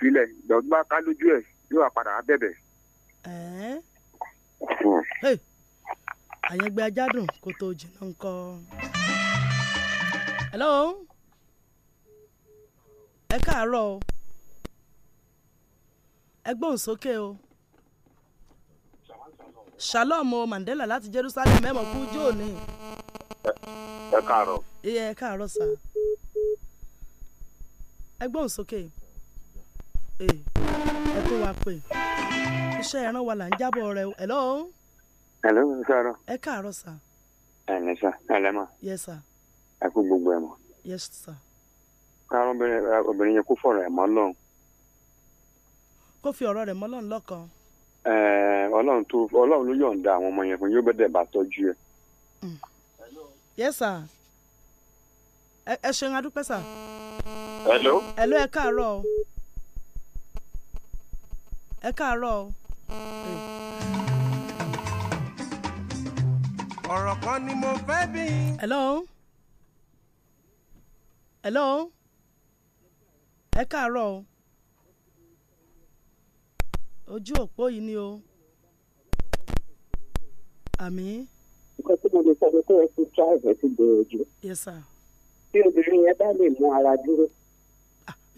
filẹ̀ lọ́dún bá ká lójú ẹ̀ yóò padà á bẹ̀bẹ̀. Hmm. àyẹ̀gbẹ́ ajádùn kò tó jìnnà ńkọ. hello ẹ káàárọ̀ o ẹ gbóhùn sókè o shalom o mandela láti jerusalem ẹ mọ̀ kú jó ni. ẹ káàárọ̀. iye ẹ káàárọ̀ sá ẹ gbóhùn sókè. Okay. Eh, ẹ tó wa pè iṣẹ́ ẹran wa là ń jábọ̀ rẹ o. hello. hello sọ̀rọ̀. ẹ káàárọ̀ sà. ẹ ní sà ẹ lẹ́ mọ̀. yẹ sà. ẹ kú gbogbo ẹ mọ̀. yẹ sà. káàárọ̀ obìnrin yẹn kó fọ̀rọ̀ ẹ̀ mọ́ lọ́hùn. kó fi ọ̀rọ̀ rẹ̀ mọ́ lọ́hùn lọ́kàn. ọlọ́run tó ọlọ́run ló yọ̀ǹda àwọn ọmọ yẹn fún yóò bẹ́ẹ̀ bá tọ́jú mm. ẹ. yẹ sà ẹ ṣeun adúpẹ́ sà. hello. hello ẹ káàárọ̀ ẹ káàárọ̀ ọ̀rọ̀ kan ni mo fẹ́ bí. hello hello ẹ káàárọ̀ o ojú òpó yìí ni o àmì. nǹkan tí mo lè sọ ni pé ẹ ti tíráìvẹ̀ ti gbòòrò jù. yes sir. bí obìnrin yẹn bá lè mú ara dúró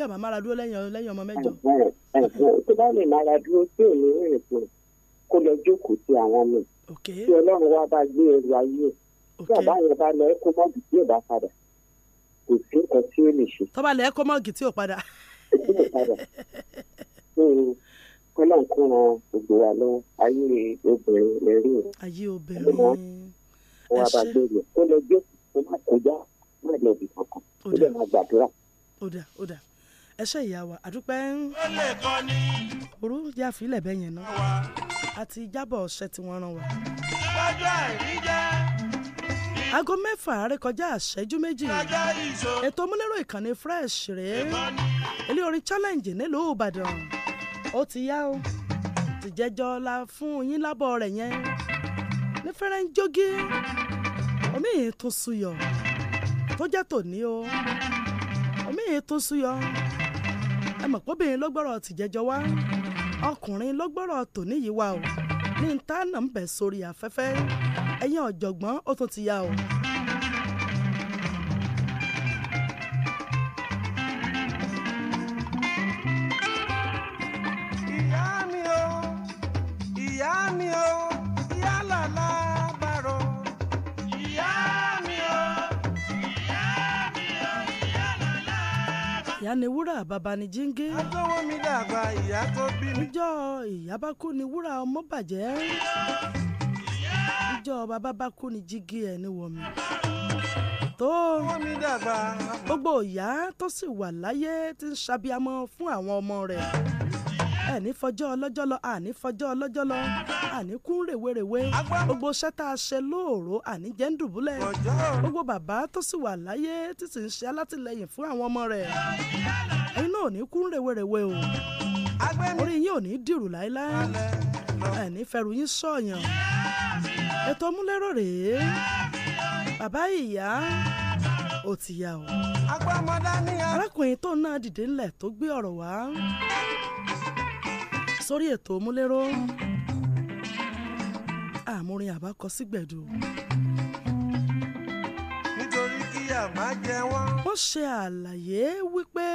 bẹ́ẹ̀ máa mára dúró lẹ́yìn lẹ́yìn ọmọ mẹ́jọ. tó bá lè mára dúró tí ò ní rìn pọ̀ kó lọ jókòó sí àwọn mi tí ọlọ́run wá bá gbé ẹrù ayé tí àbá yẹn bá lọ ẹkọ mọ́ọ̀gì tí ò bá padà kò sí nǹkan tí ó lè ṣe. tó bá lọ ẹkọ mọ́ọ̀gì tí ò padà. tí ò padà kọ́lọ́n kó ran gbogbo wa lọ ayé obìnrin lẹ́rí o. ayé obìnrin wa bá gbé rẹ̀ kó lọ jókòó kó má kọjá má lọ bì kankan ó lè má gbàdúrà ẹ ṣe ìyá wa àdúpẹ́ ń òru yà fílẹ̀ bẹ́ẹ̀ yẹn náà àti ìjábọ̀ ọ̀sẹ̀ tí wọ́n rán wa. aago mẹ́fà àrékọjá àṣẹ́jú méjì ètò omúlérò ìkànnì fresh rèé ilé orin challenge nílùú Ìbàdàn ó ti yá o tìjẹ́jọ́ la fún yín lábọ̀ rẹ̀ yẹn ní fẹ́rẹ́ ń jógí omi yìí tún suyọ̀ tó jẹ́ tòní o omi yìí tún suyọ̀ ẹ mọ̀ kóbìnrin ló gbọ́rọ̀ tìjẹ́jọ́ wá ọkùnrin ló gbọ́rọ̀ tòní yìí wá o ní ntánà ń bẹ̀ sórí afẹ́fẹ́ ẹ̀yin ọ̀jọ̀gbọ́n ó tún ti yá o. ìyá ni wúrà bàbá ni jíǹgé. àtọwọ́ mi dàgbà ìyá tó bí mi. ìjọ ìyá bá kú ni wúrà ọmọ bàjẹ́. ìjọ bàbá bá kú ni jíǹgé ẹ̀ ní wọ̀mí. tó gbogbo ìyá tó sì wà láyé ti ń ṣàbíamọ fún àwọn ọmọ rẹ̀ ẹni fọjọ́ ọlọ́jọ́ lọ àní fọjọ́ ọlọ́jọ́ lọ àní kún rèwerèwe gbogbo iṣẹ́ tá a ṣe lóòrò àní jẹ́ ń dùbúlẹ̀ gbogbo bàbá tó sì wà láyé tí sì ń ṣe alátìlẹyìn fún àwọn ọmọ rẹ̀ ẹ̀yin náà ò ní kún rèwerèwe o orí yín ò ní dìrù láéláé ẹni fẹ̀rù yín sọ̀yàn ètò múlẹ́rọ̀ rèé bàbá ìyá ò ti o arákùnrin tó náà dìde ńlẹ̀ tó gbé ọ̀rọ̀ wá sórí ètò múlẹ́rọ́ àmúrin àbákọ sígbẹ̀dù. nítorí kí àmá jẹ wọ́n. wọ́n ṣe àlàyé wípé.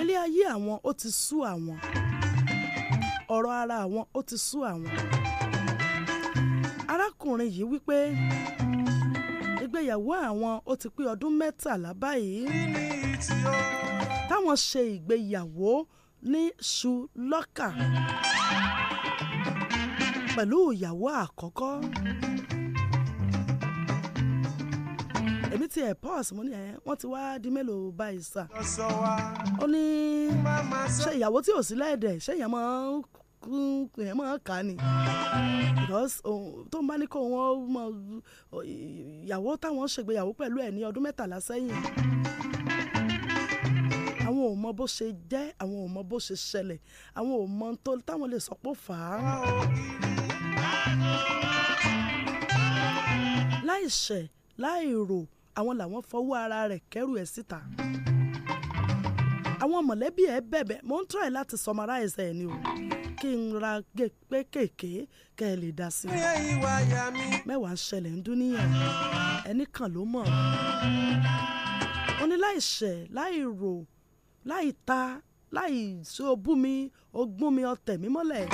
ilé ayé àwọn ó ti sú àwọn ọ̀rọ̀ ara àwọn ó ti sú àwọn. arákùnrin yìí wípé ìgbéyàwó àwọn ó ti pé ọdún mẹ́tàlá báyìí. kí ni ìtì ọ́ táwọn ṣe ìgbéyàwó ní ṣùlọ́kà pẹ̀lú ìyàwó àkọ́kọ́ èmi ti ẹ̀ pọ́ọ̀sì mo ní ẹ̀ wọ́n ti wá di mélòó báyìí sà ó ní ṣe ìyàwó tí ò sí lẹ́ẹ̀dẹ̀ ṣé èèyàn máa ń ẹ máa kà á ni because tó ń bá ní kó wọn ìyàwó táwọn ṣègbéyàwó pẹ̀lú ẹ̀ ní ọdún mẹ́tàlá sẹ́yìn ò mọ bó ṣe jẹ́ àwọn ò mọ bó ṣe ṣẹlẹ̀ àwọn ò mọ tó táwọn lè sọ pé fà á. láìṣẹ̀ láìrò àwọn làwọn fọwọ́ ara rẹ̀ kẹ́rù ẹ̀ síta àwọn mọ̀lẹ́bí ẹ̀ bẹ̀bẹ̀ mo ń try láti summarize ẹ̀ ni o kí n ra gèpé kéèké kẹ́ ẹ lè dá sí i mẹ́wàá ṣẹlẹ̀ ń dúníyà ẹnì kan ló mọ̀ ọ́ ní láìṣẹ̀ láìrò láì ta láì ṣe obú mi ogún mi ọ̀tẹ̀ mi mọ́lẹ̀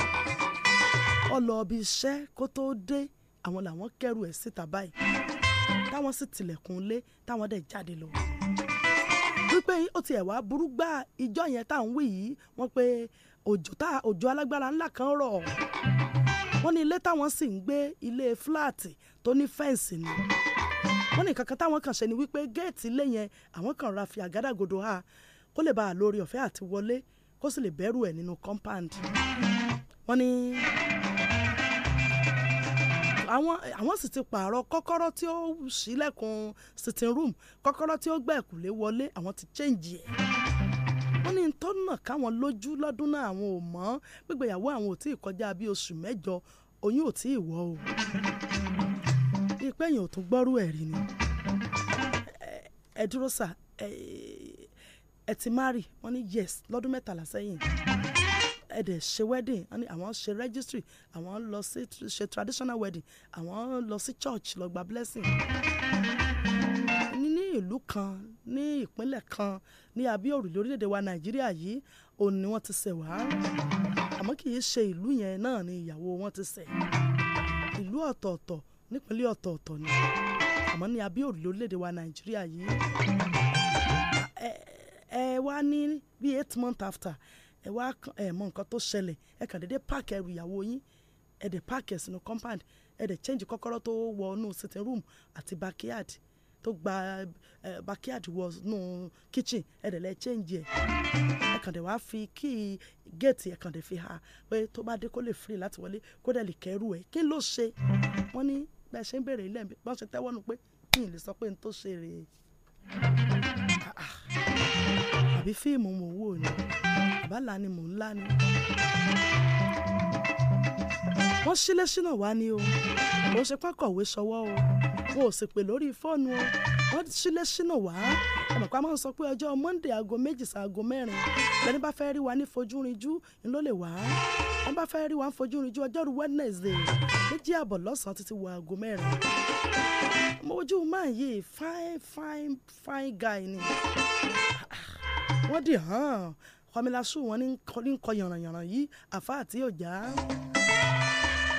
ọlọ́ọ̀bí iṣẹ́ kó tóó dé àwọn làwọn kẹrù ẹ̀ síta báyìí táwọn sì tilẹ̀kùn lé táwọn dẹ̀ jáde lọ wípé ó tiẹ̀ wá burú gbá ìjọ yẹn tá à ń wí yìí wọ́n pé òjò tá òjò alágbára ńlá kan rọ̀ wọ́n ní ilé táwọn sì ń gbé ilé fúláàtì tó ní fẹ́ǹsì ni wọ́n ní kankan táwọn kàn ṣe ni wípé géètì ilé yẹn àwọn kan ra fi àgádágodo ha kó lè bá a ọ̀fẹ́ àti wọlé kó sì lè bẹ̀rù ẹ̀ nínú compound. wọ́n ní àwọn sì ti pààrọ̀ kọ́kọ́rọ́ tí ó ṣílẹ̀kùn sitting room kọ́kọ́rọ́ tí ó gbẹ̀kùlé wọlé àwọn ti change ẹ̀ wọ́n ní tó káwọn lójú lọ́dún náà àwọn ò mọ̀ gbígbéyàwó àwọn ò tí ì kọjá bíi oṣù mẹ́jọ oyún ò tí ì wọ̀ o ìpẹ́yìn ò tún gbọ́rú ẹ̀rí ni ẹ dúró sà ẹ ti marry wọ́n ní yes lọ́dún mẹ́tàlá sẹ́yìn ẹ dẹ̀ ṣe wedding wọ́n ní àwọn ṣe registry àwọn lọ sí ṣe traditional wedding àwọn lọ sí church lọ gba blessing ní ìlú kan ní ìpínlẹ̀ kan ní abíòrù lórílẹ̀‐èdè wa nàìjíríà yìí òun ni wọ́n ti ṣẹ̀ wá àmọ́ kì í ṣe ìlú yẹn náà ni ìyàwó wọn ti ṣẹ̀ ìlú ọ̀tọ̀ọ̀tọ̀ nípínlẹ̀ ọ̀tọ̀ọ̀tọ̀ ni àmọ́ ní abíòrù lórílẹ̀‐èdè wa nàìjíríà yìí ẹ wá ní bí eight months after ẹ wá ẹ mọ nǹkan tó ṣẹlẹ̀ ẹ kàn déédéé páàkì ẹrù ìyàwó yín ẹ dẹ̀ páàkì ẹ̀ sínú compound ẹ dẹ̀ change kọ́kọ́rọ́ tó wọ inú sitting room àti backyard tó gba backyard wọ inú kitchen ẹ dẹ̀ lẹ́ change ẹ̀ ẹ kàn dẹ̀ wá fi kíì géètì ẹ kàn dẹ̀ fi ha pé tó bá dé kó lè free láti wọlé kó dẹ̀ lè kẹ́rù ẹ̀ kí ló ṣe wọ́n ní bẹ́ẹ̀ ṣe ń béèrè ilé ẹ̀ bí wọ́n ṣe tẹ́wọ́ nu pé kí n lè sọ pé n tó ṣe rèé àbí fíìmù mò ń wò ni àbálà ni mò ń lá ni. wọ́n sílé sínà wá ni o kò ṣe pákọ̀wé ṣọwọ́ o wọn ò sì pè lórí fóònù o wọ́n sílé sínà wá ọmọkùnrin máa ń sọ pé ọjọ́ Monday aago méjì sí aago mẹ́rin lẹ́ni bá fẹ́ rí wa ní fojúrinjú ni ló lè wá ẹni bá fẹ́ rí wa ní fojúrinjú ọjọ́rú Wednesday méjì àbọ̀ lọ́sàn-án títí wọ aago mẹ́rin mo ojú máa yí fine fine fine guy ni wọ́n dì hàn kọmilasu wọn ní nkọ yànrànyànràn yìí àfa àti ọjà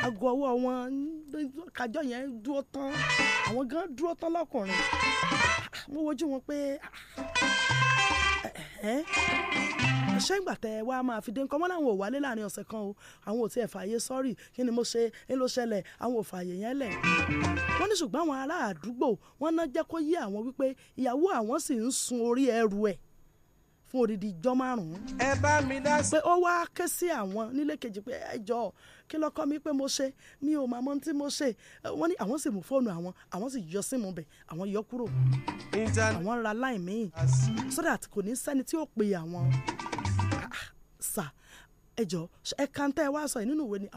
aago ọwọ́ wọn kájọ yẹn dúró tán àwọn gan dúró tán lọkùnrin mo wojú wọn pé ṣé ń gbà tẹ wá máa fi dé nǹkan mọ́ láwọn ò wálé láàrin ọ̀sẹ̀ kan o àwọn ò tiẹ̀ fààyè sọ́ọ̀rì kí ni mo ṣe ń ló ṣẹlẹ̀ àwọn ò fààyè yẹn lẹ̀. wọ́n ní ṣùgbọ́n àwọn ará àdúgbò wọ́n ná jẹ́ kó yé àwọn wípé ìyàwó àwọn sì ń sun orí ẹrù ẹ̀ fún odidi ijọ́ márùn-ún. ẹ bá mi dá sí. pé ó wá ké sí àwọn nílé kejì pé ẹ jọ kí lọ́kọ́ mi pé mo ṣe mi ò mọ̀ tí mo ṣe wọ́n ní àwọn sì mú fóònù àwọn àwọn sì yọ símú bẹ̀ àwọn yọ kúrò àwọn ra láì míì so that kò ní sẹ́ni tí ó pe àwọn ẹ ẹ kan tẹ́ ẹ wá sọ yìí nínú ìwé ni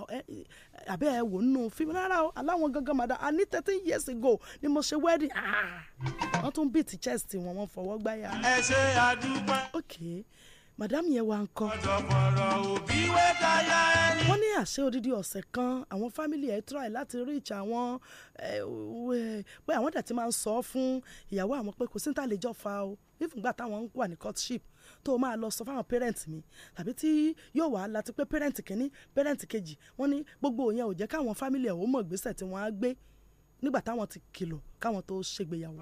àbẹ́ ẹ wò nínú fíìmù rárá o aláwọn gangan màdá a ní thirteen years ago ni mo ṣe wedding ah, wọ́n tún bíìtì chest wọn wọ́n fọwọ́ gbáyà. ẹ ṣe àdúpẹ́. okay madam yẹn wá ń kọ. ọ̀dọ̀bọ̀rọ̀ òbí wé táyà ẹni. wọ́n ní àṣẹ odidi ọ̀sẹ̀ kan àwọn fámìlì ẹ̀ try láti reach àwọn pé àwọn dàtí máa ń sọ fún ìyàwó àwọn pé kò sí ní ta fa o ìfúngbà táwọn ń wà ní courtship tó máa lọ sọ fáwọn pẹ́rẹ́ǹtì mi tàbí tí yóò wá láti pé pẹ́rẹ́ǹtì kìíní pẹ́rẹ́ǹtì kejì wọ́n ní gbogbo òyìn ò jẹ́ káwọn fámìlì ẹ̀ ó mọ̀ ìgbésẹ̀ tí wọ́n á gbé nígbà táwọn ti kìlọ̀ káwọn tó ṣègbéyàwó.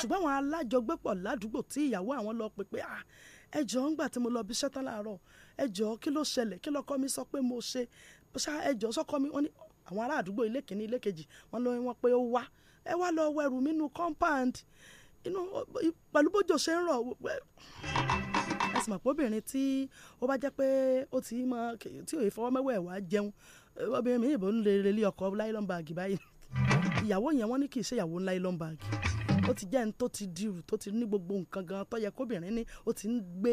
ṣùgbọ́n àwọn alájọgbépọ̀ ládùúgbò tí ìyàwó àwọn lọ pé pé ẹ jọ tí mo lọ bí iṣẹ́ láàárọ̀ ẹ kí ló ṣẹlẹ̀ kí lọ́kọ́ mi sọ pé mo ṣe ẹ jọ mi wọ́n ní àwọn ará àdúgbò ilé kìíní ilé kejì wọ́n lọ wọ́n pé ó wá ẹ wá lọ wẹrù mi nínú compound inú pẹ̀lú bójò ṣe ń rọ̀ sì mọ̀ pé obìnrin tí ó bá jẹ́ pé ó ti mọ tí òye fọwọ́mẹ́wẹ́ wá jẹun obìnrin mi ìbò ń lè relé ọkọ̀ láìlọ́n báàgì báyìí ìyàwó yẹn wọ́n ní kì í ṣe ìyàwó láìlọ́n báàgì ó ti jẹ́ ẹni tó ti dirù tó ti ní gbogbo nǹkan gan tó yẹ kóbìnrin ní ó ti ń gbé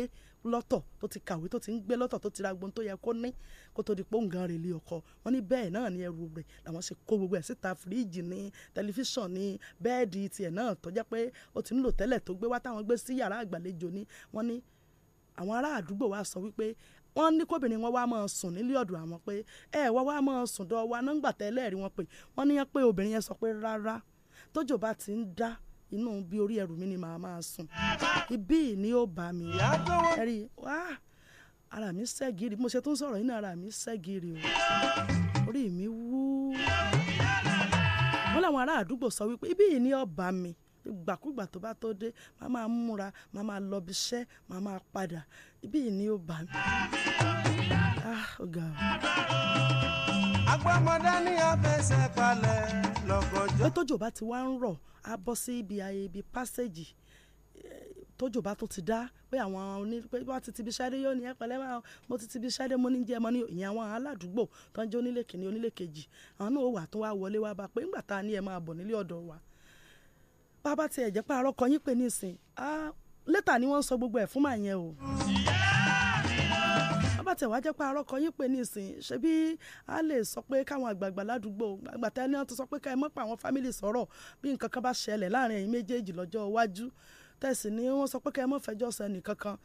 lọ́tọ̀ tó ti kàwé tó ti ń gbé lọ́tọ̀ tó ti ra gbọ́n tó yẹ kó ní kó tó di pòǹgàn rẹ̀ lé ọkọ wọn ní bẹ́ẹ̀ náà ni ẹrù rẹ̀ làwọn ṣe kó gbogbo ẹ̀ síta fíríìjì ní tẹlifíṣàn ní bẹ́ẹ̀dì tiẹ̀ náà tó jẹ́ pé ó ti ń lò tẹ́lẹ̀ tó gbé wá táwọn gbé sí yàrá àgbàlejò ní wọ́n ní àwọn ará àdúgbò wa sọ wípé wọ́n ní kóbìnrin wọn wá máa sùn nílé ọ̀dọ̀ àwọn pé ẹ wọ́n wá máa sùn dọ́ wa nọ́ngbà tẹ́lẹ̀ rí wọn pé wọ́n níyàn pé obìnrin yẹn sọ pé rárá tójò bá ti ń dá inú bí orí ẹrù mi ni màá máa sùn ibí ni ó bá mi ẹ̀rí wá ara mi ṣẹ́gìrì mo ṣe tó ń sọ̀rọ̀ yìí náà ara mi ṣẹ́gìrì o orí mi wú wọ́n làwọn ará àdúgbò sọ wípé ibí ni ó bá mi gbàkúgbà tó bá tó dé màá máa múra màá máa lọ bí iṣẹ́ màá máa padà ibí yìí ni ó bà mí. Ah, agbọ́mọdé ní afẹsẹ̀ palẹ̀ lọ́gọ́jọ́. pé tójò bá ti wá ń rọ̀ á bọ́ sí ibi ayé ibi pásẹ̀jì tójò bá tó ti dá pé àwọn oní pé wọ́n ti ti bí sáré yóò ní ẹ pẹ̀lẹ́ máa mo ti ti bí sáré mo ní jẹ́ mo ní ìyẹn àwọn aládùúgbò tó ń jẹ́ onílé kìíní onílé kejì àwọn náà wà tó wá wọlé wá bá pé ńgbà tá a ní ẹ máa bọ̀ nílé ọ̀dọ̀ wa bàbá tiẹ̀ jẹ́ pààrọ̀ kọ yín pé nísìn lẹ́tà ni wọ́n ń sọ gbogbo ẹ̀ fún màá yẹn o bàbá tiẹ̀ wá jẹ́ pààrọ̀ kọ yín pé nísìn ṣebí a lè sọ pé káwọn àgbààgbà ládùúgbò àgbà tá ẹni ti sọ pé ká ẹ mọ́ pa àwọn fámìlì sọ̀rọ̀ bí nǹkan kan bá ṣẹlẹ̀ láàrin ẹ̀yin méjèèjì lọ́jọ́ iwájú tẹ̀sí ni wọ́n sọ pé ká ẹ mọ́ fẹjọ́ sọ ẹnìkankan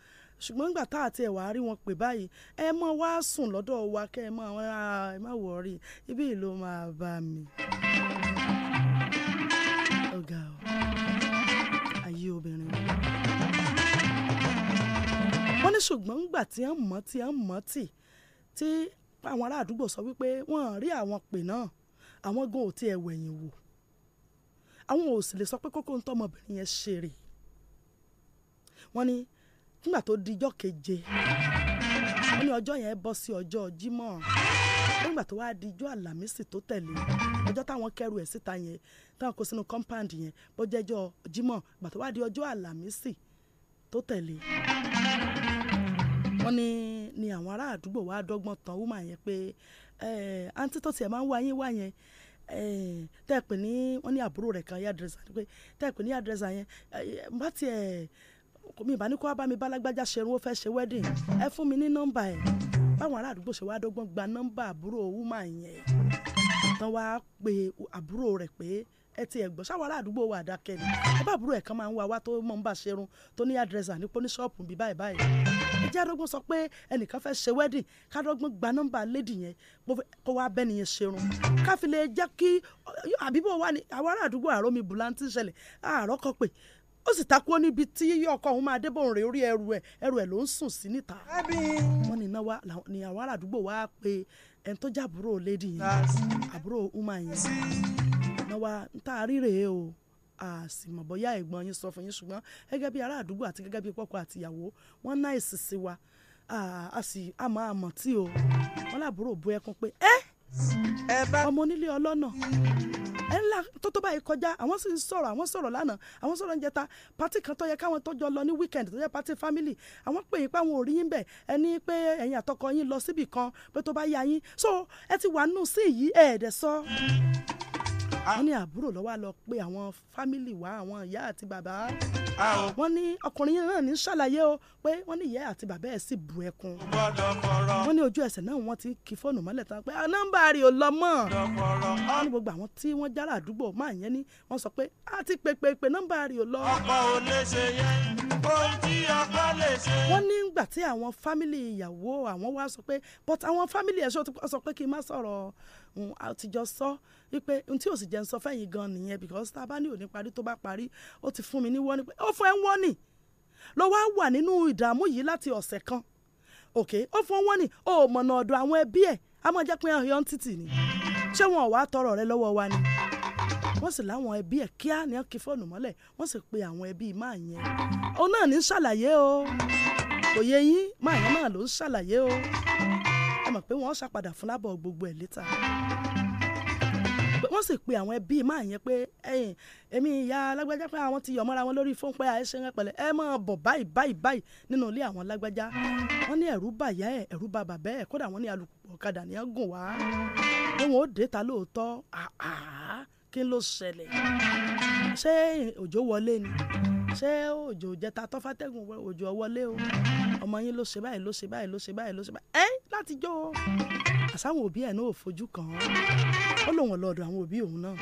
ṣùgbọ́n nígbà tá àti ẹ̀wà rí wọn pè báyìí ẹ mọ wá sùn lọ́dọ̀ wa kẹ́ ẹ mọ àwọn ẹ má wọ̀ọ́rì ibí ìlú máa bá mi. obìnrin wọ́n ní ṣùgbọ́n ńgbà tí wọ́n mọ̀ tí wọ́n mọ̀ tì tí àwọn ará àdúgbò sọ wípé wọ́n rí àwọn pè náà àwọn gan ò tiẹ̀ wẹ̀yìn wò àwọn ò sì lè sọ pé kókó ń tọmọbìnrin yẹn ṣe rè wọ́n ní nígbà tó dijọ́ keje wọ́n ní ọjọ́ yẹn bọ́ sí ọjọ́ Jímọ̀ nígbà tó wá dijọ́ Àlàmísì tó tẹ̀lé ọjọ́ táwọn kẹrù ẹ̀ síta yẹn táwọn kó sínú compound yẹn bó jẹ́jọ́ Jímọ̀ gbàtọ́ wá di ọjọ́ Àlàmísì tó tẹ̀lé wọ́n ní ni àwọn ará àdúgbò wa dọ́gbọ́n tán wúmà yẹn pé àǹtí tó tiẹ̀ máa ń wá wá yẹn tẹ́ ní wọ́n ní àbúrò rẹ̀ kan yá dírẹ́sà pé tẹ́ ẹ pè ní yẹn bá tiẹ̀ mi ìbá ní kó bá mi bá ṣerun ó fẹ́ ṣe wedding ẹ fún mi ní nọ́mbà ẹ̀ báwọn ará àdúgbò ṣe wá dọ́gbọ́n gba nọ́mbà àbúrò wúmà yẹn tán wá pe àbúrò rẹ̀ pé ẹ ti ẹ̀gbọ́n ṣáwọn ará àdúgbò wa àdákẹ́ ni ẹ bá àbúrò ẹ̀ kan máa ń wá wá tó mọ̀ ń bà ṣerun tó ní àdírẹ́sà ní pọ́ní ṣọ́ọ̀pù bíi báyìí báyìí ìjẹ́ àdógún sọ pé ẹnìkan fẹ́ ṣe wedding kádógún gba nọ́mbà lady yẹn kó wá bẹ́ni yẹn ṣerun káfí lè jẹ́ kí àbíbò wa ni àwọn àdúgbò àrò bùlántì ṣẹlẹ̀ àárọ̀ kọ pé ó sì takú níbi tí ọkọ òun máa débòrùn rè orí ẹrù ẹ ẹrù ẹ ló ń sùn sí níta. wọ́n ní iná wa ni àwọn ará wa pe ẹni tó jẹ́ àbúrò lady yẹn àbúrò uma yẹn náà wá ń tá ríre o àsìmọ̀ bóyá ẹ̀gbọ́n yín sọ fún yín ṣùgbọ́n gẹ́gẹ́ bí ará àdúgbò àti gẹ́gẹ́ bí pọ́kọ àtìyàwó wọ́n ná ìsìsì wa a sì àmọ́ àmọ́ tí o wọ́n láàbúrò bu ẹkún pé ẹ́ ọmọ onílé ọlọ́nà ẹ ńlá tó tó báyìí kọjá àwọn sì ń sọ̀rọ̀ àwọn sọ̀rọ̀ lánàá àwọn sọ̀rọ̀ ń jẹta pátì kan tó yẹ káwọn tọ́jọ́ lọ ní weekend tó yẹ pátì family àwọn pè yín pé àwọn ò rí yín bẹ̀ ẹni pé ẹ̀yin àtọkọ yín lọ síbì kan pé tó bá yá yín so ẹ ti wà nù sí yìí ẹ̀ẹ́dẹ̀ sọ. Ah. wọ́n ní àbúrò lọ́wọ́ lọ pé àwọn fámìlì wa àwọn ìyá àti bàbá ah, ah, wọ́n ní ọkùnrin yẹn náà ní ṣàlàyé o pé wọ́n ní ìyá àti bàbá ẹ̀ sì bu ẹkún wọ́n ní ojú ẹsẹ̀ náà wọ́n ti kí fóònù mọ́lẹ̀ tán pé nọ́mbà rẹ̀ ò lọ mọ́ wọ́n ní gbogbo àwọn tí wọ́n jára àdúgbò máa yẹn ni wọ́n sọ pé a ti pèpè pé nọ́mbà rẹ̀ ò lọ. ọkọ ò lè ṣe yẹn ohun tí ọkọ lè ṣe. wọ́n ní ìgbà tí àwọn fámìlì ìyàwó àwọn wá sọ pé but àwọn fámìlì ẹ̀ sọ pé kí n má sọ̀rọ̀ àtijọ́ sọ wípé n tí ò sì jẹ́ ń sọ fẹ́yìn gan nìyẹn because tá a bá ní òní parí tó bá parí ó ti fún mi ní wọ́n ní pé ó fún ẹ ń wọ́n nì ló wá wà nínú ìdààmú yìí láti ọ̀sẹ̀ kan òkè ó fún wọn nì ó mọ̀nà ọ̀dọ̀ àwọn ẹbí ẹ̀ á mọ̀ jẹ́ pé ọ̀yọ́ títì ni ṣé wọn ò wá tọrọ rẹ lọ́wọ́ wa ni wọ́n sì láwọn ẹbí ẹ̀ kíá ní kí fóònù mọ́lẹ̀ wọ́n sì pe àwọn ẹbí máa yẹn òun náà ní ṣàlàyé o kò yín máa yẹn náà ló ń ṣàlàyé o mọ̀ pé wọ́n ṣàpadà fún lábọ̀ gbogbo ẹ̀ létà wọ́n sì pe àwọn ẹbí máa yẹn pé ẹ̀yìn èmi ìyá alágbájá pé àwọn ti yọ̀mọ́ra wọn lórí fóun pé àìṣe ń pẹ̀lẹ́ ẹ máa bọ̀ báyìí báyìí báyìí nínú ilé àwọn alágbájá wọ́n ní ẹ̀rú bàyá ẹ̀ ẹ̀rú bà bàbá ẹ̀ kódà wọ́n ní alùpùpù ọ̀kadà ní gùn wá òun ó dé ta lóòótọ́ kí ló ṣẹlẹ̀ ṣé òjò wọlé ni ṣé òjò jẹta tọ́fàtẹ́gùn òjò ọwọ́lé o ọmọ yín ló ṣe báyìí ló ṣe báyìí ló ṣe báyìí ló ṣe báyìí ẹ́ láti jó o àsáwọn òbí ẹ̀ náà ò fojú kàn án ó lòun ọ̀lọ́dọ̀ àwọn òbí òun náà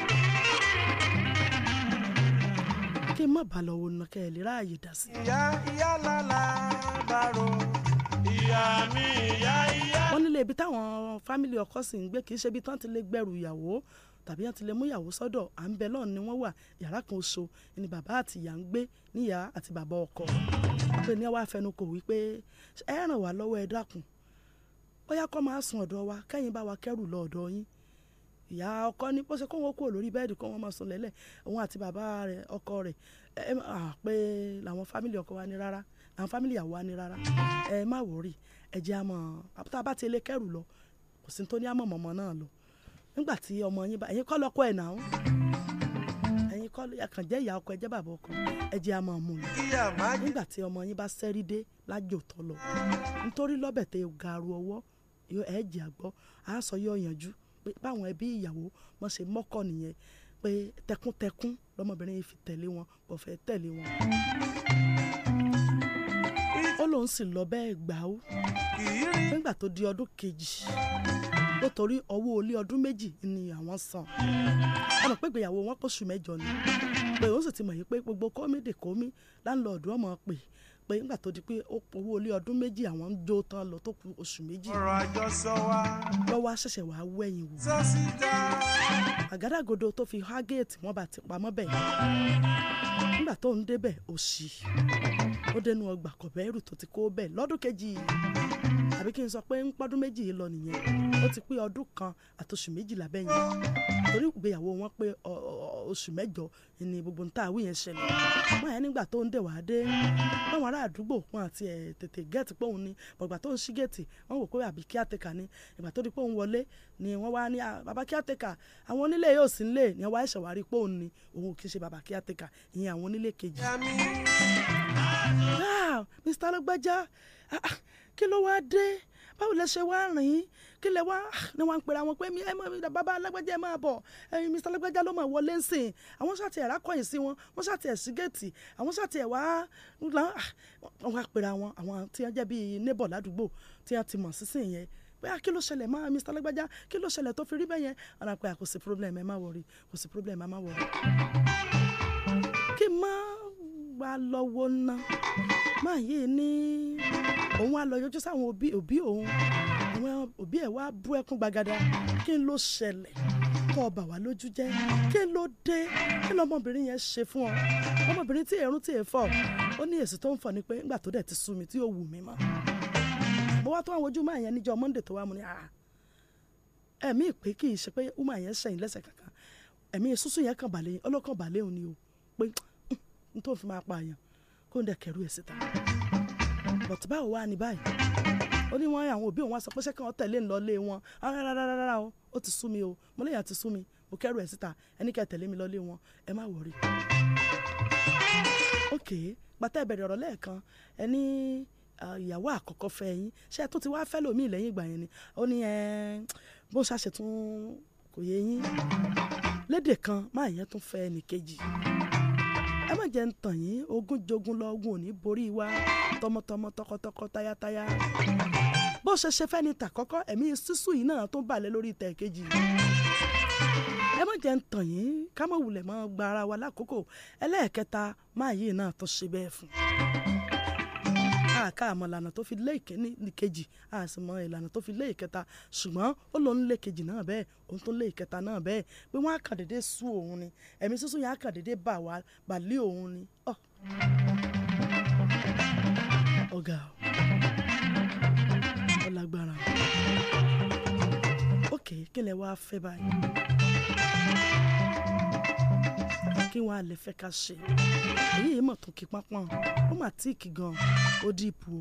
kí n má bà lọ́wọ́ nà kẹ́ ẹ̀ lè ráàyè dá sí. ìyá ìyá lálá bàrò ìyá mi ìyá ìyá. wọ́n nílé ibi táwọn fámìlì ọkọ sì ń gbé kì í ṣe ibi tán ti lè gbẹ̀rù ìyàwó tàbí àti lè mú ìyàwó sọ́dọ̀ à ń bẹ lọ́ọ̀ ni wọ́n wà yàrá kan oṣù ni bàbá àti ìyá ń gbé níyà àti bàbá ọkọ pé ní wàá fẹnukò wípé ẹ ràn wá lọ́wọ́ ẹ dákun bóyá kọ́ máa sùn ọ̀dọ̀ wa kẹ́yìn bá wa kẹ́rù lọ ọ̀dọ̀ yín ìyá ọkọ ní bó ṣe kó wọn kúrò lórí bẹ́ẹ̀dì kó wọn máa sùn lẹ́lẹ̀ òun àti bàbá rẹ̀ ọkọ rẹ̀ ẹ máa pé làwọn fámìlì ọkọ wa ní rárá làwọn fámìlì ìyàwó wa ní rárá ẹ má wòrì ẹ jẹ́ àmọ́ tá bá ti lè kẹ́rù lọ kò sí ní tó ní àmọ́ náà lọ nígbà tí ọmọ yín bá ẹ̀yin kọ́ lọ́kọ́ ẹ̀ náà ẹ̀yin kọ́ ẹ̀kàn jẹ́ ìyá ọkọ ẹ̀ jẹ́ bàbá ọkọ ẹ̀ jẹ́ àmọ́ ọmọ yín nígbà tí ọmọ yín bá sẹ́rí dé lájò tọ́ lọ nítorí lọ́bẹ̀ tẹ gàrú ọwọ́ ẹ̀ jẹ́ àgbọ́ à ń sọ yọ yanjú pé báwọn ẹbí ìyàwó wọn ṣe mọ́kọ nìyẹn pé tẹkúntẹkún lọmọbìnrin yìí fi tẹ̀lé wọn kò fẹ́ tẹ̀lé wọn ó lóun sì lọ bẹ́ẹ̀ gbà ó nígbà tó di ọdún kejì ó torí owó ilé ọdún méjì ni àwọn san ọmọ pé ìgbéyàwó wọn kóṣù mẹ́jọ ni pé ó sì ti mọ̀ yìí pé gbogbo kọ́mídè láńlọ́ọ̀dù ọmọ pè pé nígbà tó di pé owó ilé ọdún méjì àwọn ń jó tán lọ tó kù oṣù méjì. lọ́wọ́ aṣẹ̀ṣẹ̀ wàá wẹ̀yìn wò. àgádágodo tó fi hágẹ́ẹ̀tì wọn bá ti pamọ́ bẹ̀. nígbà tó ń débẹ̀ òṣì ó dẹnu ọgbà kọ̀bẹ́rù tó ti kó bẹ̀ lọ́dún kejì yìí àbí kí n sọ pé ń pọ́dún méjì yìí lọ nìyẹn ó ti pé ọdún kan àti méjìlá bẹ́yìn torí ìgbéyàwó wọn pé oṣù mẹ́jọ ni gbogbo ń tàwí yẹn ṣẹlẹ̀ wọn yẹn nígbà tó ń dẹ̀ wá dé báwọn ará àdúgbò wọn àti ẹ̀ tètè gẹ́ẹ̀tì pé ni bọ̀gbà tó ń ṣí gẹ́ẹ̀tì wọn wò pé àbí kíátẹ́kà ni ìgbà tó di pé wọlé ni wọ́n wá ní bàbá kíátẹ́kà àwọn onílé yóò sí nílé ni wọ́n ẹ̀ṣẹ̀ wá rí pé ni òun kì í ṣe bàbá kíátẹ́kà ìyẹn àwọn onílé kejì. Mr. Lọ́gbájá ah, ah, kí ló wá dé báwo lẹ ṣe wá rìn kí lẹ wá ah, ni wọn ń pera pé mi ẹ mọ bàbá alágbẹjẹ máa bọ ẹyin mr alágbẹjẹ ló máa wọlé I àwọn ṣàtì ẹ̀rá kọ̀yìn sí wọn wọn ṣàtì ẹ̀ sí gẹ̀ẹ́tì àwọn ṣàtì ẹ̀ wá ńlá ah, wọn wá pera wọn àwọn tí wọn jẹ́ bíi neighbor ládùúgbò tí wọn ti mọ̀ sísìn yẹn pé ah, kí ló ṣẹlẹ̀ máa mr alágbẹjẹ kí ló ṣẹlẹ̀ tó fi rí bẹ́yẹn ọ̀nà pé kò sí problem ẹ má wọrí kò sí problem ẹ má wọrí. kí n máa wá lọ́wọ́ ná máa yé ní òun wá lọ yọjú sáwọn òbí òbí òun àwọn òbí ẹ̀ wá bú ẹkún gbagada kí n ló ṣẹlẹ̀ kọ́ ọba wà lójú jẹ́ kí n ló dé kí ni ọmọbìnrin yẹn ṣe fún ọ ọmọbìnrin tí èrún tí èèfọ̀ ó ní èsì tó ń fọ̀ ni pé ńgbà tó dẹ̀ ti sú mi tí ó wù mí mọ́ mo wá tó àwọn ojú máa yẹn níjọ́ Monday tó wá mu ni àá ẹ̀mí ìpè kì í ṣe pé ó máa yẹn ṣẹ̀yìn lẹ́sẹ̀ kankan ẹ̀mí sísún yẹn kàn balẹ̀ ọlọ́kàn balẹ̀ òun ni o pé n tó fi máa pa àyàn kó n dẹ̀ kẹ̀rú ẹ̀ síta bọ̀t báwo wá ní báyìí ó ní wọn àwọn òbí òun wá sọ pé ṣé kí e e wọn tẹ̀lé ńlọlé wọn rárá o ó ti sú mi o mo léyà ti sú mi mo kẹ̀rú ẹ̀ síta ẹni kẹ́ tẹ̀lé mi lọlé wọn ẹ má wọrí. ok pàtẹ́ ìbẹ̀rẹ̀ ọ̀rọ̀ lẹ́ẹ̀kan ẹni ìyàwó àkọ́kọ́ fẹ́ yín ṣé ẹ tó ti wá fẹ́ lómi lẹ́yìn ìgbà yẹn ni ó ní ẹ bó ṣàṣetún kò yé yín lédè kan máa yẹn tún fẹ́ ẹnì kejì ẹ má jẹ́ ń tàn yín ogún jogun lọ ogun ò ní borí wa tọmọtọmọ tọkọtọkọ tayátayá bó ṣe ṣe fẹ́ ni tàkọ́kọ́ ẹ̀mí sísú yìí náà tún balẹ̀ lórí tẹ̀ kejì ẹ má jẹ́ ń tàn yín ká má wulẹ̀ mọ́ gba wa lákòókò ẹlẹ́ẹ̀kẹta máa yìí náà tó ṣe bẹ́ẹ̀ fún un àká àmọ́ ìlànà tó fi lé ìkejì àsìmọ́ ìlànà tó fi lé ìkẹta ṣùgbọ́n ó lòun lé kejì náà bẹ́ẹ̀ òun tó lé ìkẹta náà bẹ́ẹ̀ pé wọ́n á kàn dédé sú òun ni ẹ̀mí sísun yẹn á kàn dédé bà wá bà òun ni. ọ̀gá ọ̀làgbára ok kí lẹ wá fẹ́ báyìí kí wọ́n á lè fẹ́ ká ṣe èyí mọ̀ tó kí pápán ó mà tí kì gan ó dìpọ̀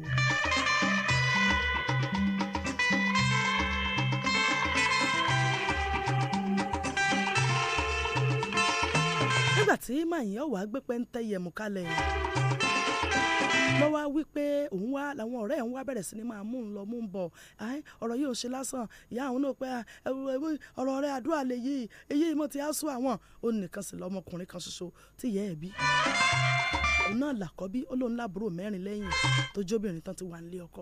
nígbà tí màyín ọ̀wá gbé pẹ́ńtẹ́ yẹ̀mú kalẹ̀ wọ́n wá wí pé òun wá làwọn ọ̀rẹ́ òun wá bẹ̀rẹ̀ sí ni máa mú un lọ mú un bọ̀ ọ̀rọ̀ yìí ò ṣe lásán ìyá àwọn náà pé ah, ọ̀rọ̀ rẹ̀ àdúrà lè yí èyí mọ̀ ti á sún àwọn ó nìkan sì lọ́mọkùnrin kan ṣoṣo tí ìyá ẹ̀ bí òun náà làkọ́bí ó lóun láàbúrò mẹ́rin lẹ́yìn tó jóbìnrin tán ti wà nílé ọkọ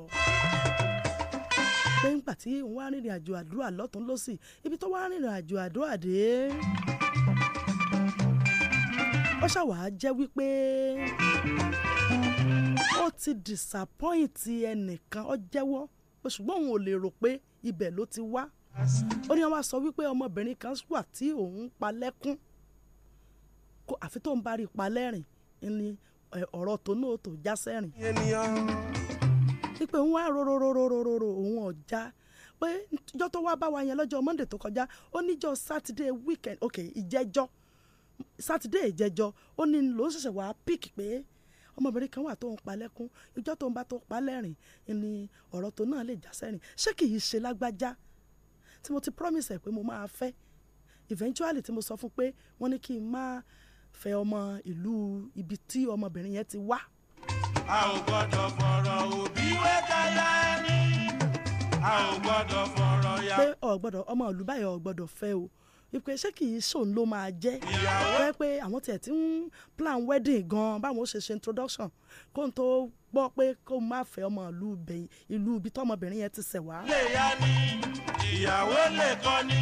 pé ńgbà tí òun wá rìnrìn àjò àdúrà lọ́tún lọ́sì ibi tó wá rìnrìn àjò àdúrà dé ó ṣàwà jẹ́ wípé ó ti disappoint ẹnìkan ó jẹ́wọ́ pé ṣùgbọ́n òun ò lè rò pé ibẹ̀ ló ti wá ó ní wọ́n sọ wípé ọmọbìnrin kan wà tí òun ń pa lẹ́kún kó àfi tó bá rí pa lẹ́rìn ni ọ̀rọ̀ tó náà tó já sẹ́rìn. wípé òun wá rorororororo òun ọ̀já pé ìjọ tó wá bá wa yẹn lọ́jọ́ monday tó kọjá ó níjọ́ saturday weekend ok ìjẹ́jọ́ saturday ìjẹ́jọ́ ó ní ló ṣẹ̀ṣẹ̀ wá píkì pé ọmọbìnrin kan wà tó ń palẹ́kún ìjọ tó ń bá tó palẹ́rìn ni ọ̀rọ̀ tó náà lè já sẹ́rìn ṣé kì í ṣe lágbájá tí mo ti promise ẹ̀ pé mo máa fẹ́ eventually tí mo sọ fún pé wọ́n ní kí n má fẹ́ ọmọ ìlú ibi tí ọmọbìnrin yẹn ti wá. a ò gbọ́dọ̀ fọ̀rọ̀ òbí wẹ́kẹ̀lá ẹni a ò gbọ́dọ̀ fọ̀rọ̀ ya. pé ọ̀ ọmọ ìlú báyìí fẹ́ o ìpè ṣé kì í ṣòun ló máa jẹ́ pé pé àwọn tiẹ̀ ti ń plan wedding gan báwọn ṣe ṣe introduction kó n tó gbọ́ pé kó má fẹ́ ọmọ ìlú ìlú ibi tọmọbìnrin yẹn ti ṣẹ̀ wá. lè ya ni ìyàwó lè kọ́ ni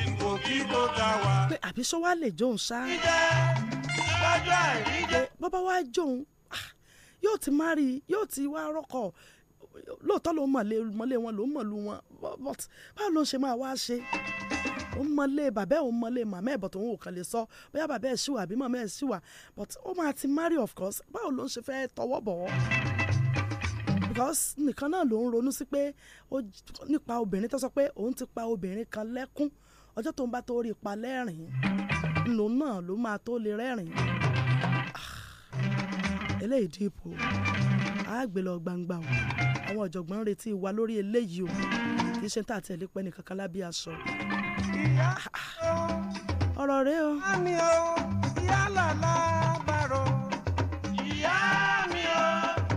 ipò kí ló ta wá. pé àbí sọ wá lè jóun ṣá. jíjẹ lọ́jọ́ àìríjẹ. bọ́bá wá jóun ah, yóò ti má rí yóò ti wá rọ́kọ̀ lóòótọ́ ló mọ̀lé wọn ló mọ̀lú wọn báwo ló ń ṣe máa wá ṣe ó mọlé bàbá ẹ̀ mọlé màmá ẹ̀ bọ̀tò òun ò kàn lè sọ bóyá bàbá ẹ̀ ṣì wà àbí màmá ẹ̀ ṣì wà but ó máa ti marry of course báwo ló ń ṣe fẹ́ tọwọ́ bọ̀wọ́ because nìkan náà ló ń ronú sí pé nípa obìnrin tó sọ pé òun ti pa obìnrin kan lẹ́kún ọjọ́ tó ń bá tó rí ipa lẹ́rìn-ín lòun náà ló máa tó lè rẹ́rìn-ín ah, eléyìí dìbò àgbélọ̀ gbangba o àwọn ọ̀jọ̀gbọ́n retí wa lórí eléyìí o kì í ṣe ń tà tẹ̀lé pẹ́ nìkan kan lábí aṣọ ọ̀rọ̀ rẹ o.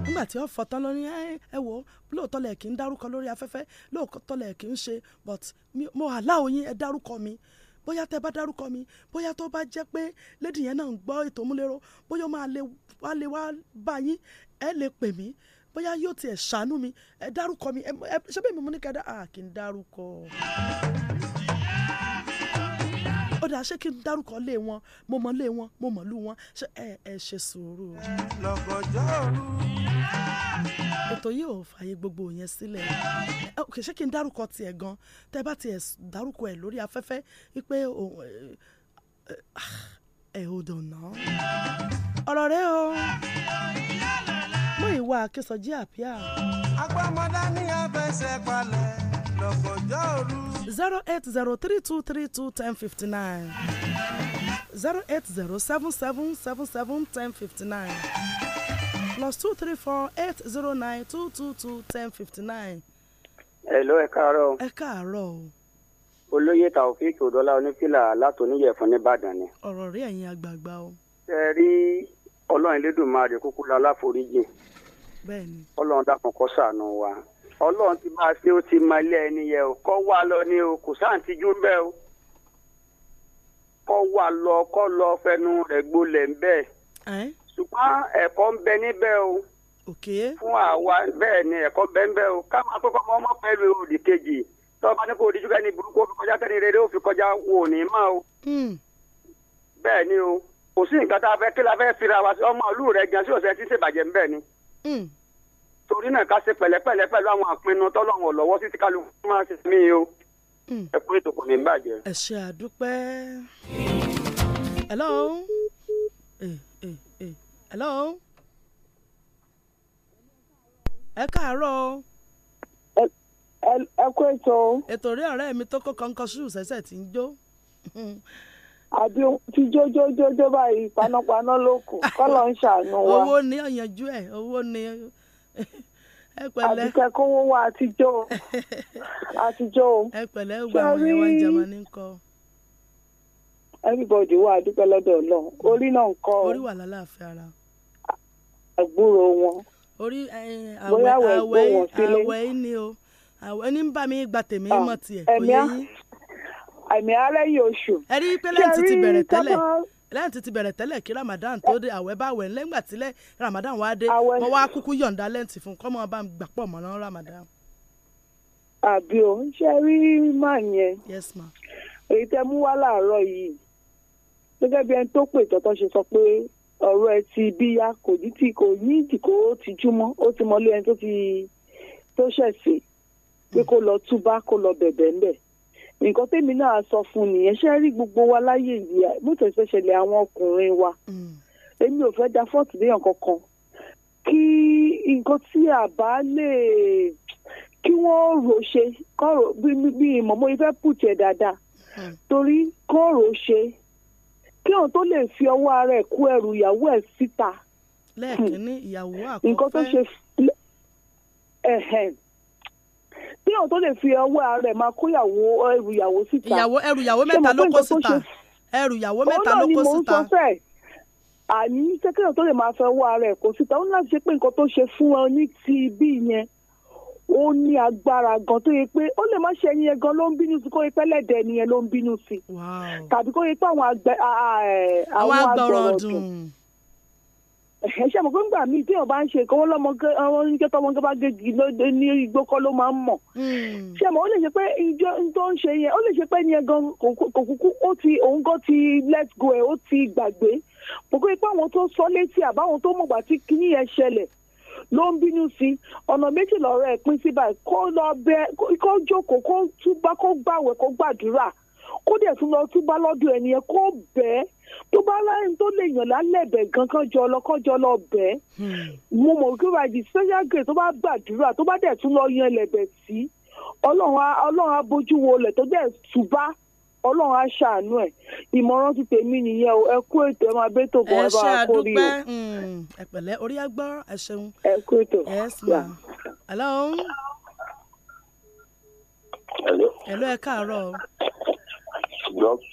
nígbà tí ó fọ tán lórí ẹ wò lóòótọ́ lẹ̀ kí n dárúkọ lórí afẹ́fẹ́ lóòótọ́ lẹ̀ kí n ṣe but mo àláwọ̀ yín ẹ dárúkọ mi bóyá tẹ bá dárúkọ mi bóyá tó bá jẹ́ pé lédi yẹn náà ń gbọ́ ètò múlẹ́rọ bóyá ó máa lè wá lè wá bá yín ẹ lè pè mí bóyá yóò tiẹ̀ ṣàánú mi ẹ dárúkọ mi ẹ ṣé mi mú ní kẹ́dá à kí n dárúkọ ó dà ṣé kí n dárúkọ lé wọn mo mọ lé wọn mo mọ lú wọn ṣé ẹ ẹ ṣe sùúrù. lọ́gọ́jọ́ òru. ètò yìí ò fààyè gbogbo yẹn sílẹ̀ kì í ṣe kí n dárúkọ tiẹ̀ gan tẹ́ bá tiẹ̀ dárúkọ ẹ̀ lórí afẹ́fẹ́ wípé ẹ ò dùnà. ọ̀rọ̀ rẹ o mú ìwà àkẹsọ̀jí àpíà. agbọ́mọdá ní abẹ́sẹ̀ palẹ̀ zero eight zero three two three two ten fifty nine zero eight zero seven seven seven seven ten fifty nine plus two three four eight zero nine two two two ten fifty nine. hello ẹ káàárọ̀. ẹ káàárọ̀ o. olóyè taofik odọlá onífìlà látòníyẹ̀fọ́ nìbàdàn ni. ọ̀rọ̀ rí ẹ̀yin àgbààgbà o. ṣe rí ọlọ́run lédùnmáà rẹ̀ kúkú la láforíjì. bẹ́ẹ̀ni. ọlọ́run dákun kó ṣàánú wa ọlọ́run ti bá a ṣe ó ti mọ ilé ẹni yẹn o kọ́ wá lọ ni o kò sáǹtijú ń bẹ́ o kọ́ wá lọ kọ́ lọ fẹnu rẹ̀ gbolẹ̀ ń bẹ́ẹ̀ ṣùgbọ́n ẹ̀kọ́ ń bẹ níbẹ̀ o fún àwa bẹ́ẹ̀ ni ẹ̀kọ́ bẹ́ẹ̀ ń bẹ́ o ká máa kọ́kọ́ mọ́ ọmọ pẹ̀lú òdì kejì tọ́ba ní kò díjú ká ní burúkú o fi kọjá kẹ́ni rere ó fi kọjá wò ní mọ́ o hmm. bẹ́ẹ̀ ni o kò sí nǹkan tá a fẹ́ kí la fẹ́ fira wa sí ọmọ ìlú rẹ̀ gan sí ọ̀sẹ̀ tí ń ṣèbàjẹ́ ń bẹ́ẹ̀ ni. Hmm torí náà ká ṣe pẹ̀lẹ́pẹ̀lẹ́ pẹ̀lú àwọn àpinnu tọ́lọ́run ọ̀lọ́wọ́ sí ti kálukú máa ṣe mí o hmm. ẹ kú ètò kò ní bàjẹ́. ẹ ṣe àdúpẹ́. hello eh, eh, eh. hello ẹ káàárọ̀ o. ẹ kú ètò. ètò orí ọ̀rẹ́ mi tó kó kọ́ńkọ́ ṣùù sẹ́sẹ̀ tí ń jó àbí ti jójójójó báyìí panápaná ló kù kọ́lọ̀ ń ṣàánú wa. owó ni ọ̀yànjú ẹ̀ owó ni ẹ pẹ̀lẹ́ àbíkẹ́ kówó wá àtijọ́ o àtijọ́ o ẹ pẹ̀lẹ́ ó gba àwọn ẹwà jamani ńkọ́. everybody wà dúpẹ́ lọ́dọ̀ náà orí náà ń kọ́ orí wà lálàáfíà ara. àgbúrò wọn orí àwẹ̀ àwẹ̀ àwẹ̀ yìí ni o àwẹ̀ ní bá mi gba tèmi ah, mọ̀ tiẹ̀ kò yẹ yín. ẹ̀mí alẹ́ yìí oṣù. ẹ rí i pé lẹ́yìn ti ti bẹ̀rẹ̀ tẹ́lẹ̀ lẹ́yìn tí ti bẹ̀rẹ̀ tẹ́lẹ̀ kí Ramadan tó dé àwẹ̀ bá wẹ̀ ńlẹ́gbà tílẹ̀ Ramadan wá dé wọ́n wá kúkú yọ̀ǹda lẹ́ǹtì fún kọ́mọ bá ń gbà pọ̀ mọ́ lọ́n Ramadan. àbí ò ń ṣe rí máa yẹn èyí tẹ mú wá láàárọ̀ yìí gẹ́gẹ́ bí ẹni tó pè tọ́tọ́ ṣe sọ pé ọ̀rọ̀ ẹ ti bíyá kò ní ti kò ní ìdìkò ó ti júmọ́ ó ti mọ́lé ẹni tó ti tó pé kó lọ túbá kó lọ bẹ̀bẹ̀ ńbẹ̀ nǹkan tèmi náà sọ fún nìyẹn ṣe rí gbogbo wa láyé yìí mọ́tò ìṣẹ̀ṣẹ̀lẹ̀ àwọn ọkùnrin wa mm. èmi ò fẹ́ da fọ́ọ̀tì léèyàn kankan kí nǹkan tí a bá lè kí wọ́n rò ṣe kọ́rọ̀ bí ìmọ̀mọ́ ifẹ́ pùtẹ́ dáadáa mm. torí kọ́rọ̀ ṣe kí òun tó lè fi ọwọ́ ara ẹ̀ kú ẹrù ìyàwó ẹ̀ síta. lẹ́ẹ̀kínní ìyàwó àkọ́fẹ́ nǹkan tó ṣe kí òun tó lè fi ọwọ́ ara ẹ̀ máa kó ìyàwó ẹrù ìyàwó síta. ìyàwó ẹrù ìyàwó mẹ́ta ló kó síta ẹrù ìyàwó mẹ́ta ló kó síta. àní kẹ́kẹ́ tó lè máa fẹ́ ọwọ́ ara ẹ̀ kó síta ó ní láti ṣe pé nǹkan tó ṣe fún ọ ní ti ibi yẹn ó ní agbára gan tó yẹ pé ó lè má ṣe ẹyin yẹn gan ló ń bínú sí kó yẹ pé lẹ́dẹ̀ẹ́ ẹni yẹn ló ń bínú sí tàbí kó yẹ pé àwọn àgbọ̀rọ̀ dùn ẹ ṣe àmọ́ pé ńgbà míì téèyàn bá ń ṣe ìkọwọ́ lọ́mọ oúnjẹ tọmọ gẹ́gẹ́ bá gégi ní igbó kọ́ ló máa ń mọ̀ hmm. ṣe àmọ́ ó lè ṣe pé ijó tó ń ṣe yẹn ó lè ṣe pé ní ẹgan kò kúkú ó ti òun gan ti let go ẹ̀ ó ti gbàgbé mo pé pé àwọn tó sọ létí àbáwọn tó mọ̀gbà tí kinní yẹn ṣẹlẹ̀ ló ń bínú sí ọ̀nà méjì lọ́rọ̀ ẹ̀ pín sí báyìí kó lọ bẹ kó jókòó kó túbá kó gbàwẹ̀ kó gbàdúrà kó dẹ̀ tún lọ túbá lọ́dọ̀ ẹni yẹn kó bẹ́ẹ̀ tó bá láyìn tó lè yàn lálẹ́bẹ̀ gangan jọ lọ kọ́jọ lọ bẹ́ẹ̀ hmm. mo mọ̀ kí wàá di special grace tó bá gbàdúrà tó bá dẹ̀ tún lọ yan lẹ̀bẹ̀ sí ọlọ́run á bójú wo lẹ̀ tó dẹ̀ túbá ọlọ́run á ẹ̀ ìmọ̀ràn ti tèmi nìyẹn o ẹ kú ètò ẹ máa bẹ́ tó bọ́ ẹ bá wa kó rí o. Hmm. ẹ pẹ̀lẹ́ orí ẹ ṣeun. ẹ kú ẹ káàárọ̀ dr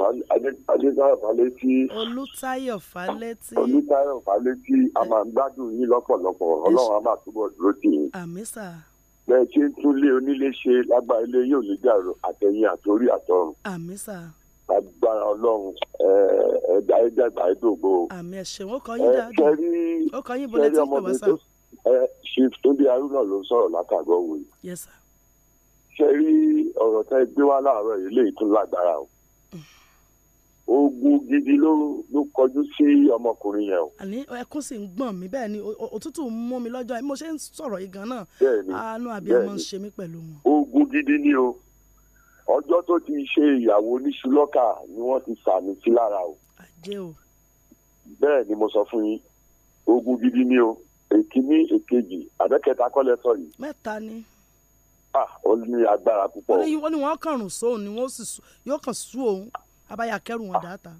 adétayọ̀ falẹ́tì. olùtayọ̀ falẹ́tì. olùtayọ̀ falẹ́tì a máa ń gbádùn yín lọ́pọ̀lọpọ̀ ọlọ́run a máa túbọ̀ dúró tì yín. àmín sà. bẹ́ẹ̀ ṣe ń tún lé onílé ṣe lágbára ilé yóò ní dàrú àtẹ̀yìn àtòrí àtọ̀run. àmín sà. agbára ọlọ́run ẹ̀ẹ́dà ẹ̀dàgbà ẹ̀dógbò. àmín ẹ̀ṣẹ̀ wọn kọ yín dáadáa. ó kọ yín bọ́lẹ̀ tí ń pè wá sá. ṣe tó bí arúnà ló ń sọ̀rọ̀ látàgọ́ wò yìí. yes ṣe rí ọ̀rọ̀ tẹ́ gbé wá láàárọ̀ yìí lè tún lágbára o ogun gidi ló ló kọjú sí ọmọkùnrin yẹn o. àní ẹkún sì ń gbọ̀n mí bẹ́ẹ̀ ni òtútù ń mú mi lọ́jọ́ mo ṣe ń sọ̀rọ̀ yìí gan-an àánú abiyamọ ń ṣe mí pẹ̀lú wọn. ogun gidi ni o ọjọ́ tó ti ṣe ìyàwó oníṣúlọ́kà ni wọ́n ti sàmì sí lára o. àjẹ́ o. bẹ́ẹ̀ ni mo sọ fún yín ogun gidi ni o èkíní èkejì àbẹ́kẹta kọ́lẹ́ yìí. mẹ́ta ni. Ah, ó ní agbára púpọ̀. ó ní wọ́n ní wọ́n kàn rùn sóun ni wọ́n sì yóò kàn sú òun abáyá kẹ́rù wọn dáta.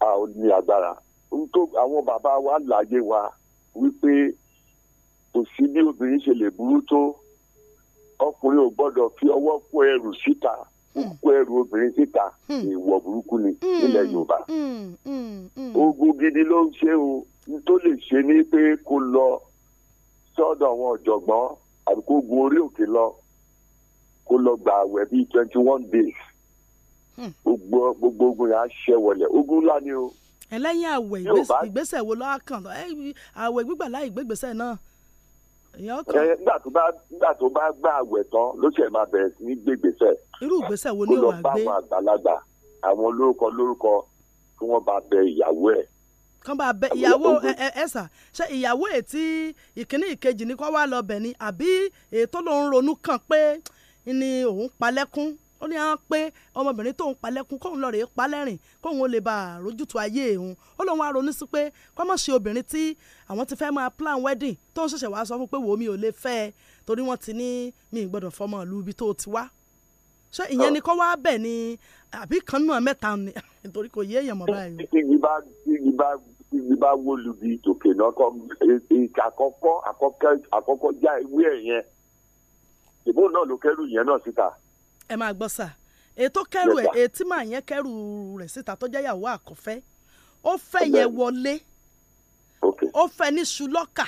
ó ní agbára tó àwọn bàbá wa láàyè wa wípé kò sí bí obìnrin ṣe lè burú tó ọkùnrin ò gbọ́dọ̀ fi ọwọ́ kó ẹrù síta kó hmm. ẹrù obìnrin síta hmm. ìwọ burúkú ni hmm. nílẹ̀ Yorùbá ogun gidi ló ń ṣe o tó lè ṣe ni pé kó lọ sọ́dọ̀ àwọn ọ̀jọ̀gbọ́n àbí kó gun orí òkè lọ kó lọ gba àwẹ̀ bíi twenty one days hmm. gbogbo gbogbo ogun yẹn á ṣẹ wọlẹ̀ ogun ńlá ni o. ẹlẹ́yìn àwẹ̀ ìgbésẹ̀ wo lọ́wọ́ kàn àwẹ̀ gbígbà láì gbégbèsẹ̀ náà nígbà tó bá nígbà àwẹ̀ tán ló ṣe máa bẹ̀rẹ̀ sí ní gbégbèsẹ̀. irú ìgbésẹ̀ wo ni wàá gbé kó lọ bá àwọn àgbàlagbà àwọn lórúkọ lórúkọ kí wọ́n bá bẹ ìyàwó ẹ̀ kán bá bẹ ìyàwó ẹsà ṣe ìyàwó ètí ìkíní ìkejì ní kó wá lọ bẹ̀ ni àbí ètò lòun ronú kàn pé ni òun palẹ́kún ó ní àwọn pé ọmọbìnrin tóun palẹ́kún kóun lọ rèé palẹ́rìn kóun ó lè bá àrójútu ayé òun ó lóun á ronú sí pé kọ́mọ̀ṣe obìnrin tí àwọn ti fẹ́ máa plan wedding tóun ṣẹ̀ṣẹ̀ wá sọ fún pé wò ó mi ò lè fẹ́ ẹ torí wọ́n ti ní mi gbọ́dọ̀ fọmọ ìlú ibi tó ti wá ṣé ìyẹn ni kọ́ wá bẹ̀ ni àbí kan náà mẹ́ta ni nítorí kò yé èèyàn mọ́ báyìí. tí tí bá wó lùdì tòkè náà kọ àkọ́kọ́ àkọ́kọ́ já ewé ẹ̀ yẹn ìbò náà ló kẹ́rù yẹn náà síta. ẹ máa gbọ́ sà ètò kẹ́rù ẹ̀ ètí màá yẹn kẹ́rù rẹ̀ síta tó jẹ́ ìyàwó àkọ́fẹ́ ó fẹ́ yẹn wọlé ó fẹ́ ní ṣùlọ́kà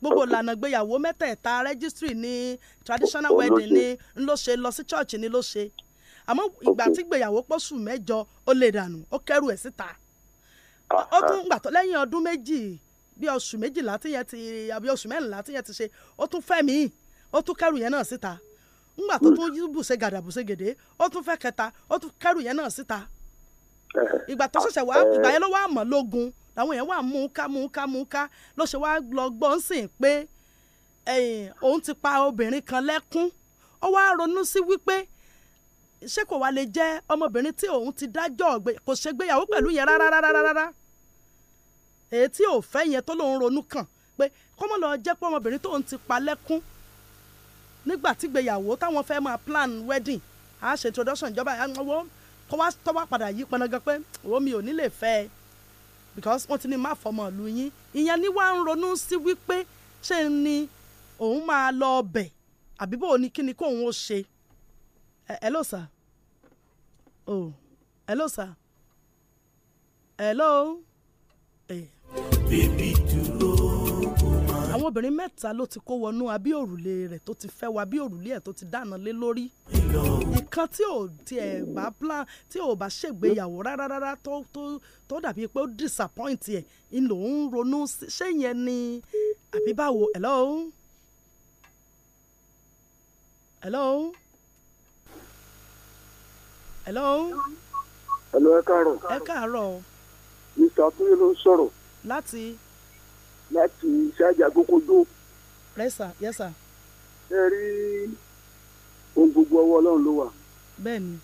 gbogbo ìlànà gbéyàwó mẹ́tẹ̀ẹ̀ta registry ní traditional wedding ní ló ṣe lọ sí church ní ló ṣe àmọ́ ìgbà tí gbéyàwó pọ̀ṣù mẹ́jọ ó lè dànù ó kẹ́rù ẹ̀ síta. ó tún gbà tó lẹ́yìn ọdún méjì bí oṣù méjìlá tí yẹn ti àbí oṣù mẹ́rìnlá tí yẹn ti ṣe ó tún fẹ́ mi ó tún kẹ́rù yẹn náà síta ńgbà tó hmm. tún bùṣe gàdà bùṣe gèdè ó tún fẹ́ kẹta ó tún kẹ́rù yẹn náà síta ìgbà tó ṣẹ̀ṣẹ̀ wá ìgbà yẹn ló wá mọ̀ lógun làwọn yẹn wà mú ká mú ká mú ká ló ṣe wá lọ gbọ́ ń pé òun ti pa obìnrin kan lẹ́kún ó wá ronú sí wípé ṣé kò wá lè jẹ́ ọmọbìnrin tí òun ti dájọ́ kò ṣègbéyàwó pẹ̀lú yẹn rárá èyí tí ò fẹ́ yẹn tó lòun ronú kàn pé kọ́mọ́ lọ jẹ́ pé ọmọbìnrin tóun ti pa lẹ́kún nígbà tígbéyàwó táwọn fẹ́ máa plan wedding a ṣe introduction ìjọba ìyáwó kó wá tọ́wá padà yí pọnagán pé òun mi ò ní lè fẹ́ ẹ because wọ́n ti ní má fọmọ lu yín ìyẹn ni wàá ń ronú sí wípé ṣé ni òun máa lọ ọbẹ̀ àbí bò ó ní kíni kóun ó ṣe ẹ ẹ ló sà oh hello sir hello. Hey. bébí dúró kó máa. àwọn obìnrin mẹ́ta ló ti kó wọnú abí òrùlé rẹ̀ tó ti fẹ́ wọ abí òrùlé ẹ̀ tó ti dáná lé lórí. nǹkan tí ò tiẹ̀ bá plan tí ò bá ṣègbéyàwó rárá rárá tó tó tó dàbí pé ó disappoint ẹ̀ ń lòun ronú ṣé yẹn ni àbí báwo hello. hello hello. hello ẹ káàárọ̀. ẹ káàárọ̀ o. mr akunye ló ń sọ̀rọ̀. láti. láti ṣáàjà gbókojó. rẹ́sà yẹ́sà. ẹ rí ohun gbogbo ọwọ́ ọlọ́run ló wà. bẹ́ẹ̀ni.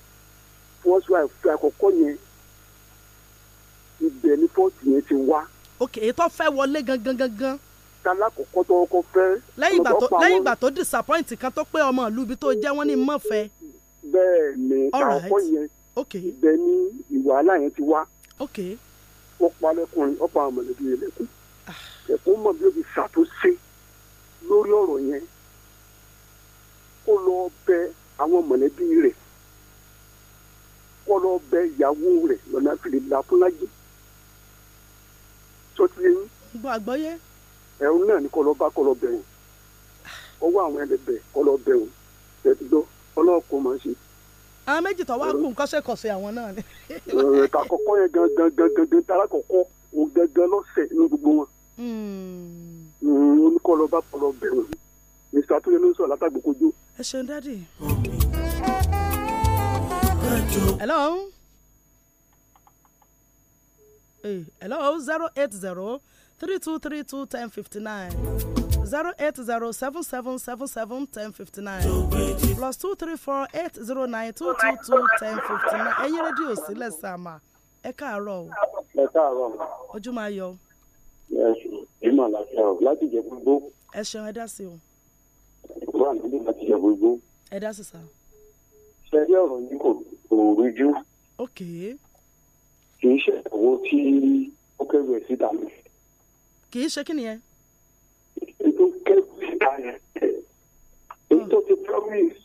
first wife àkọ́kọ́ yẹn ibẹ̀ ni fọ́ọ̀tì yẹn ti wá. ok ètò fẹ́ wọlé gangan gangan. kálá kọ̀kọ́ tó kọ́ fẹ́. lẹ́yìn ìgbà tó lẹ́yìn ìgbà tó disappoint kan tó pé ọmọ ìlú ibi tó jẹ́ wọ́n ní mọ̀fẹ́ bẹ́ẹ̀ ni tàkọ́ yẹn ibẹ̀ ni ìwàhálà yẹn ti wá ó pa lẹ́kùnrin ó pa mọ̀lẹ́bí lẹ́kùn ah. ẹ̀kún mọ̀ bí ó fi ṣàtúnṣe lórí ọ̀rọ̀ yẹn kó lọ bẹ àwọn mọ̀lẹ́bí rẹ̀ kó lọ bẹ ìyàwó rẹ̀ lọ́nà fìlè la fúnlájì tó ti yẹn. gbọ́ àgbọ́yé. ẹ̀rù náà ni kó lọ bá kó lọ bẹ̀rù ọwọ́ ah. àwọn ẹlẹ́bẹ̀ kó lọ bẹ̀rù tẹ́tí gbọ́ ọlọ́run kò mọ̀ ṣe. àwọn méjì tó wá gùn kọ́sẹ̀kọ́sẹ̀ àwọn náà ni. àkọ́kọ́ yẹn gangan gangan gangan tara kọ̀kọ́ òun gangan lọ́sẹ̀ ní gbogbo wọn. Hmm. olùkọ́ lọ bá pọlọ bẹ̀rù mr atúnyẹ ló ń sọ̀rọ̀ látàgbòkojó. ẹ ṣeun dádì. hello. Eh, hello zero eight zero three two three two ten fifty nine. 08077771059 plus 2348092221059 ẹ̀yin rédíò sílẹ̀ sàmà ẹ káàárọ̀ o. ẹ káàárọ̀ ma. ojú máa yọ. ẹ ṣùgbọ́n ìmọ̀ láti ọ̀ láti jẹ gbogbo. ẹ ṣeun ẹ dá sí o. ìwà nílé láti jẹ gbogbo. ẹ dá sí sá. ṣe rí ọ̀rọ̀ yìí kò kò rújú. ok. kì í ṣe owó tí ó kẹ́rù ẹ̀ síta mi. kì í ṣe kí nìyẹn èyí tó ti promise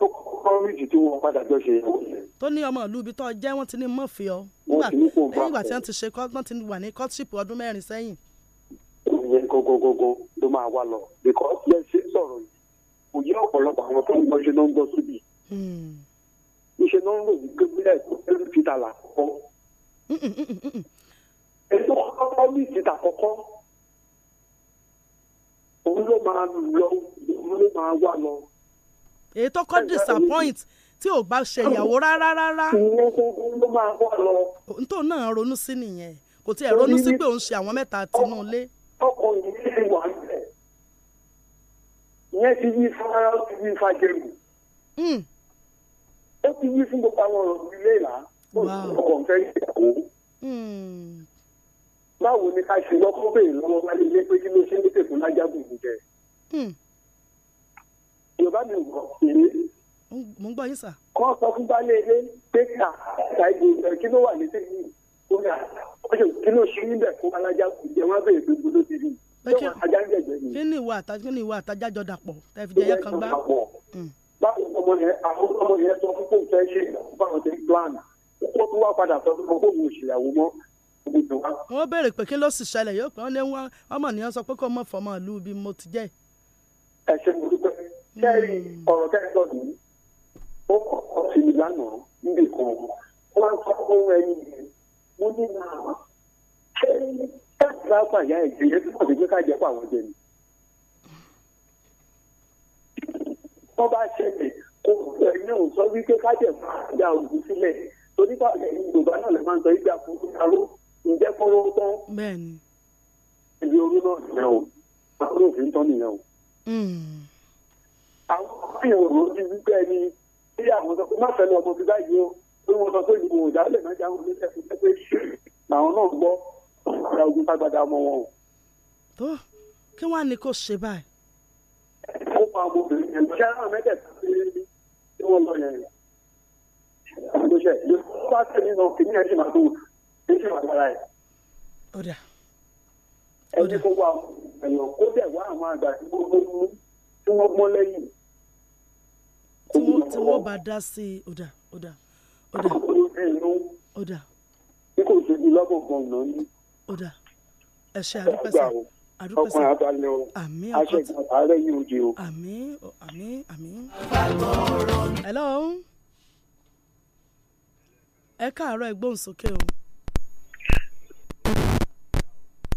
tó promise tí wọ́n padà jọ ṣe ìyàwó yẹn. tó ní ọmọ ìlú ibi tó jẹ́ wọ́n ti ní mọ́ọ̀fì ọ nígbà nígbà tí wọ́n ti ṣe wọ́n ti wà ní courtship ọdún mẹ́rin sẹ́yìn. ìyẹn gogogogo ló máa wá lọ because yẹn ṣe sọ̀rọ̀ yìí kò yẹ ọ̀pọ̀lọpọ̀ àwọn tó ń gbọ́ ṣe ló ń gbọ́ síbi. níṣẹ́ hmm. ló ń rò wípé bílẹ̀ ìpínlẹ̀ peter òun ló máa lọ òun ló máa wà lọ. èyí tó disappoint tí ò bá ṣe ìyàwó rárá rárá. òun ló máa wà lọ. ntòun náà ronú sí nìyẹn kò tiẹ̀ ronú sí pé òun ṣe àwọn mẹ́ta tinú ilé. ọkùnrin yìí lè wà nílẹ̀ ìyẹn ti yí fara ó ti yí fàjẹrù. Hmm. ó ti yí fún gbogbo àwọn ọ̀rọ̀ ilé ìlà ó ti kọ̀ fẹ́ ìyàwó báwo ni ká ṣe lọ́kọ́ bèèrè lọ́wọ́ wálé ilé pé kí ló ṣe ń dé tèkún lájágùn jẹ. Hmm. yorùbá mi gbọ́ pé. mo ń gbọ́ yín sà. kọ́ sọ fún baálé ilé pé kà ṣáìdì ìbẹ̀rẹ̀ kí ló wà ní tèkún kódà kí ló ṣe níbẹ̀ kó alájágùn jẹ wọ́n bèèrè gbogbo ló ti rí kí ni ìwà àtàjọ kí ni ìwà àtàjọ jọ dàpọ̀ tẹ́ fi jẹyẹ kan gbá. Hmm. báwo ọmọ yẹn àwọn ọmọ yẹn sọ fún kóun fẹ́ ṣe ìyàwó báwọn ti ń plan kó tó wá padà sọ fún kóun ò ṣèyàwó mọ́ wọ́n béèrè pé kí ló sì ṣẹlẹ̀ yóò pé wọ́n lé wọn ọmọ nìyẹn sọ pé kó mọ̀ fọmọ ìlú bí mo ti jẹ́. ẹ ṣe mo dúpẹ́ kẹ́rì hmm. ọ̀rọ̀ kẹ́rì sọ ó kọ́ sí mi níbi kan wọ́n sọ fún ẹni yẹn mo ní náà ṣé káàkiri bá pàyà ẹ̀ yẹn tí kò pé ká jẹ́ pọ̀ jẹ ni. wọ́n bá ṣẹlẹ̀ kó ẹni òun sọ wípé ká jẹ̀ máa dá ogun sílẹ̀ torí ǹjẹ́ kóró tán. bẹ́ẹ̀ni. ibi orí náà nìyẹn o àwọn òfin tán nìyẹn o. Hmm. àwọn ọkùnrin òrò ti wípé ẹni tí àwọn sọ pé má fẹ́ lọ ọmọ bíbá yìí o pé wọ́n sọ pé ìbò ìdálẹ̀ náà jáwé ní ẹ̀kú pé làwọn náà gbọ́ ọ̀gá ogun tágbádá ọmọ wọn o. tó kí wàá ní kó ṣe báyìí. ó pa ọmọ obìnrin yẹn lọ́sẹ̀ náà mẹ́tẹ̀ẹ̀ta sí wọ́n lọ yẹn. ló ṣe ló bá tẹ̀lé ní wà lára ẹ̀. ó ẹ jẹ́ kó wá ẹ̀yàn kó dẹ̀ wá àwọn àgbà tí wọ́n gbé mú tí wọ́n gbọ́n lẹ́yìn. tí wọ́n bá dá sí i ó dà ó dà ó dà ó dà. bí kò ṣe ní lọ́gbọ̀n kan náà ní. ó ẹ ṣe àdúpẹ́sẹ̀ ọkùnrin abalẹ̀ o àmín àṣẹjù àárẹ̀ yìí ò jẹ o. àmín àmín àmín. hello ẹ káàárọ̀ ẹ gbóhùn sókè o.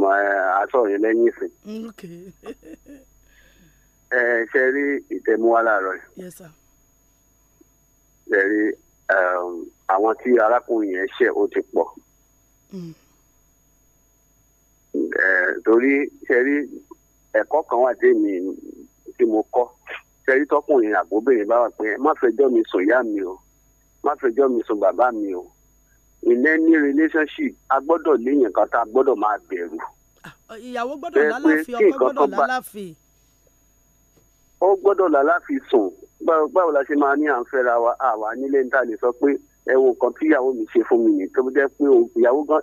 mọ eh, àtọ yẹn lẹ́yìn ìsìn. ẹ ṣe rí ìtẹ̀múwá láàárọ̀ yìí. ṣe rí um, àwọn tí arákùnrin yẹn ṣe ó ti pọ̀. Mm. torí ṣe rí ẹ̀kọ́ kan wà tèmi tí mo kọ́ ṣe rí tọkùnrin àgbóbìnrin bá wà pé má fẹjọ́ mi sùn ìyá mi o má fẹjọ́ mi sùn bàbá mi o. Mm In any relationship a gbọ́dọ̀ léèyàn kan tá a gbọ́dọ̀ máa bẹ̀rù. Ah, ìyàwó gbọ́dọ̀ lálàáfíì ọkọ gbọ́dọ̀ lálàáfíì. ó gbọ́dọ̀ lálàáfíì sùn báwo la ṣe máa ní à ń fẹ́ra wa àwa nílé níta lè sọ pé ẹ̀wọ̀n kan tí ìyàwó mi ṣe fún mi nìyí tó jẹ́ pé ìyàwó gan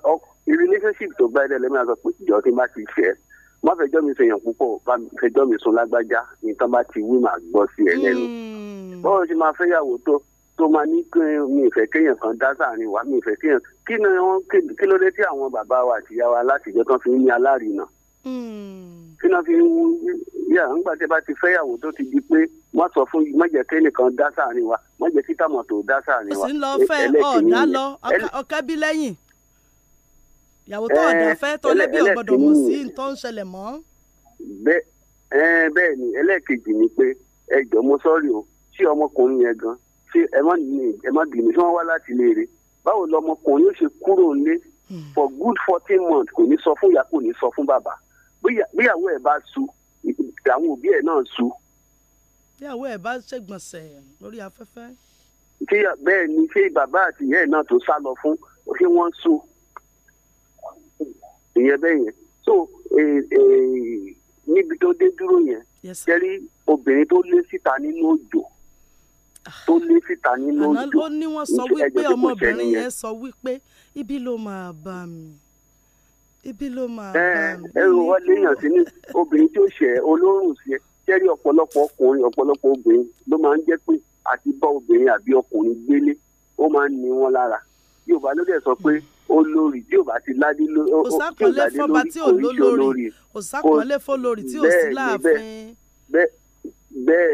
relationship tó gbá ẹ̀dẹ̀ lẹ́mìíràn sọ pé ìjọ tí má ti fẹ́ má fẹjọ́ mi sèèyàn púpọ̀ bá mi fẹjọ́ mi sùn lágbájá nìkan bá ti wí màá gbọ́ sí ẹ lẹ́nu. Hmm. báwo ṣe máa fẹ́yàwó tó tó máa ní kí mi ìfẹ́ kéèyàn kan dá sáàrin wa mi ìfẹ́ kéèyàn kí ni wọ́n kí ló dé tí àwọn bàbá wa àtìyá wa látijọ́ tán fi ń ní alárinà. Hmm. kí ni wọ́n fi ń yà ńgbà tí a bá ti fẹ́yàwó tó ti di pé wọ́n sọ fún má jẹ́ kí nìkan dá sáàrin wa má jẹ́ kí tàmọ̀ tó dá sáàrin wa. òsì lọ fẹ́ ọ̀dà lọ ọ̀kẹ́ lẹ́yìn ìyàwó tó ọ̀dà fẹ́ tó lẹ́bí mú sí tó ń ṣẹlẹ̀ mọ́. bẹ́ẹ̀ ni ẹlẹ́ẹ̀kejì ni pé ẹ jọ̀ọ́ mo sọ́ọ̀rì o sí ọmọkùnrin yẹn gan ṣé ẹ má nìyí ẹ má bìí mi ṣé wọ́n wá láti léèrè báwo lọmọkùnrin yóò ṣe kúrò nílé hmm. for good fourteen months kò ní sọ fún ìyá kò ní sọ fún bàbá bíyàwó ẹ̀ bá su àwọn òbí ẹ̀ náà su. bíyàwó ẹ̀ bá ṣègbọ̀nsẹ̀ lórí afẹ́fẹ́. tí bẹ́ẹ̀ ni ṣé bàbá àti ìyá ẹ̀ náà tó sá lọ fún ṣé wọ́n su ìyẹn bẹ́ẹ̀ yẹn so níbi tó dé dúró yẹn jẹ́rí obìnrin tó lé síta nínú òjò tó ní síta ah. nínú ojú ó ní wọ́n sọ wípé ọmọbìnrin yẹn sọ wípé ibi ló máa bá mi ibi ló máa bá mi. ẹ ẹ wọ́n léèyàn sí ní obìnrin tí ó ṣẹ̀ olórùn sí ẹ jẹ́rìí ọ̀pọ̀lọpọ̀ ọkùnrin ọ̀pọ̀lọpọ̀ obìnrin ló máa ń jẹ́ pé àti bá obìnrin àbí ọkùnrin gbélé ó máa ń ní wọn lára yorùbá ló dẹ̀ sọ pé olórí tí ò bá ti ládé lórí òsàkọlẹ fọba tí ò lólórí òsàkọlẹ fọlórí tí ò sí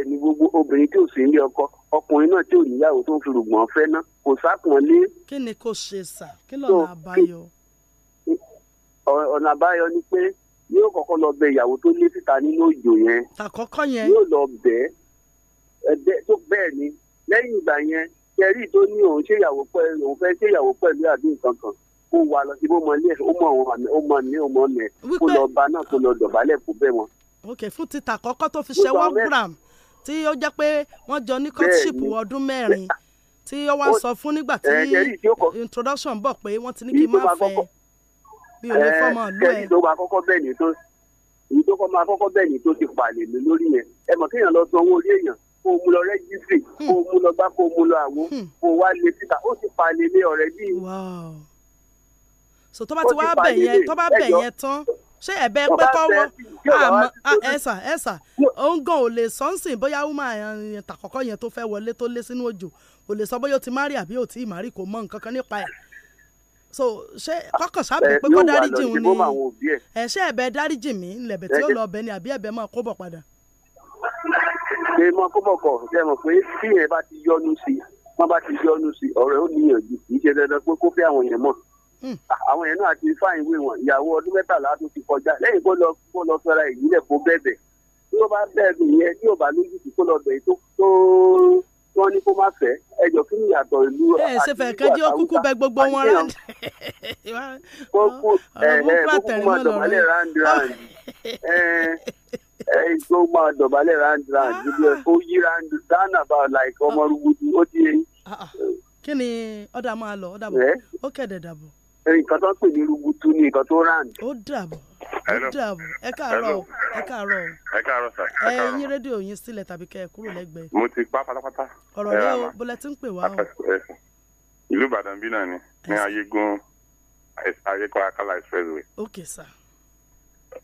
ni gbogbo obìnrin tí ò sí ní ọkọ ọkùnrin náà tí ò níyàwó tó fi rògbòn fẹ́ ná kò sápọ̀nlé. kí ni kò ṣe sà kí lọ́nà àbáyọ. ọ̀nà àbáyọ ni pé yóò kọ́kọ́ lọ bẹ ìyàwó tó lé síta nínú òjò yẹn. tàkọ́kọ́ yẹn. yóò lọ bẹ ẹbẹ tó bẹ́ẹ̀ ni lẹ́yìn ìgbà yẹn kẹrí tó ní òun ṣèyàwó pẹ̀lú òun fẹ́ ṣèyàwó pẹ̀lú àdúgbò kankan kó wà lọ sí bó mọ ilé ó mọ òun ó mọ ní òun mọ nẹ kó lọ bá náà kó lọ dọ̀bálẹ̀ kó bẹ́ wọn. ok fún títà kọ́kọ́ tó fi ṣẹ́wọ́ gram tí ó jẹ́ pé wọ́n jọ ní courtship ọdún mẹ́rin tí ó wá sọ fún nígbà tí introduction bọ̀ pé wọ́n ti ní kí n má fẹ́ mi ò lè ìlú ẹ̀. kẹ́hìn tó máa kọ́kọ́ bẹ́ẹ̀ ni tó èyí tó máa kọ́kọ́ bẹ́ẹ̀ ni tó ti pààlè mi lórí yẹn ẹ mọ̀ kéèyàn lọ san owó orí èèyàn kó mu lọ rẹ́gísírì hmm. kó mu lọ gbá kó mu lọ àwo hmm. kó wá lé síta ó ti pààlè mi ọ̀rẹ́ bí. so tó bá ti wá bẹ̀ tó bá bẹ̀ tán ṣé ẹ̀bẹ̀ pé kọ́wọ́ ah, ah, ẹ̀sà ẹ̀sà òǹgàn ò lè sọ ń sìn bóyá wúmà yẹn tàkọ́kọ́ yẹn tó fẹ́ wọlé tó lé sínú òjò ò lè sọ bóyá ó ti má rí àbí ò tí ì má rí kò mọ nǹkan kan nípa ẹ̀ so ṣé kọ́kàn sábẹ̀ pé kó dáríjì òun ni ẹ̀ ṣé ẹ̀bẹ̀ dáríjì mi ńlẹ̀bẹ̀ tí ó lọ ọbẹ̀ ni àbí ẹ̀bẹ̀ máa kó bọ̀ padà. ṣé mọ kó bọ̀ kọ̀ ṣe mọ̀ pé tí ẹ bá ti yọnu sí wọ́n bá ti yọnu sí ọ̀rẹ́ ó níyànjú kì í ṣe dandan pé kó fẹ́ àwọn yẹn mọ̀ Hmm. àwọn yẹn náà ti fáyìn wé wọn ìyàwó ọdún mẹ́tàlá tó ti kọjá lẹ́yìn kó lọ kó lọ fẹ́ra ìbílẹ̀ kó bẹ̀bẹ̀ tí ó bá bẹ̀rù yẹn tí ò bá lójútì kó lọ bẹ̀ tó tó wọn ní kó má fẹ́ ẹjọ́ kí ni ìyàtọ̀ ìlú eh, àti ìlú àtàwùjá. ẹ ṣe fẹ́ kẹjọ kúkú bẹ gbogbo wọn round. kókó ẹ ẹ kókó máa dọ̀bálẹ̀ round round ẹ ẹ tó máa dọ̀bálẹ̀ round round ibi ẹ kó yí round down about like ọmọ ah. rúgudu ó ti yẹ. Ah, ah. kí ni ọ̀dà máa lọ eh? ọ̀dà bọ̀ ó kẹ̀dẹ̀ dàbọ̀ nǹkan tó ń pè ní rúgútú ní nǹkan tó rand. ó dàbọ̀ ó dàbọ̀ ẹ káàárọ̀ o ẹ káàárọ̀ o. ẹ káàárọ̀ sà ẹ káàárọ̀. ẹ yín rédíò yín sílẹ̀ tàbí kẹ́ ẹ kúrò lẹ́gbẹ̀ẹ́. mo ti pa pátápátá. ọ̀rọ̀ rẹ o bọ́lá ti ń pè wá o. ìlú ìbàdàn bí náà ni ní ayégun ayékọ akálà expressway. ok sà.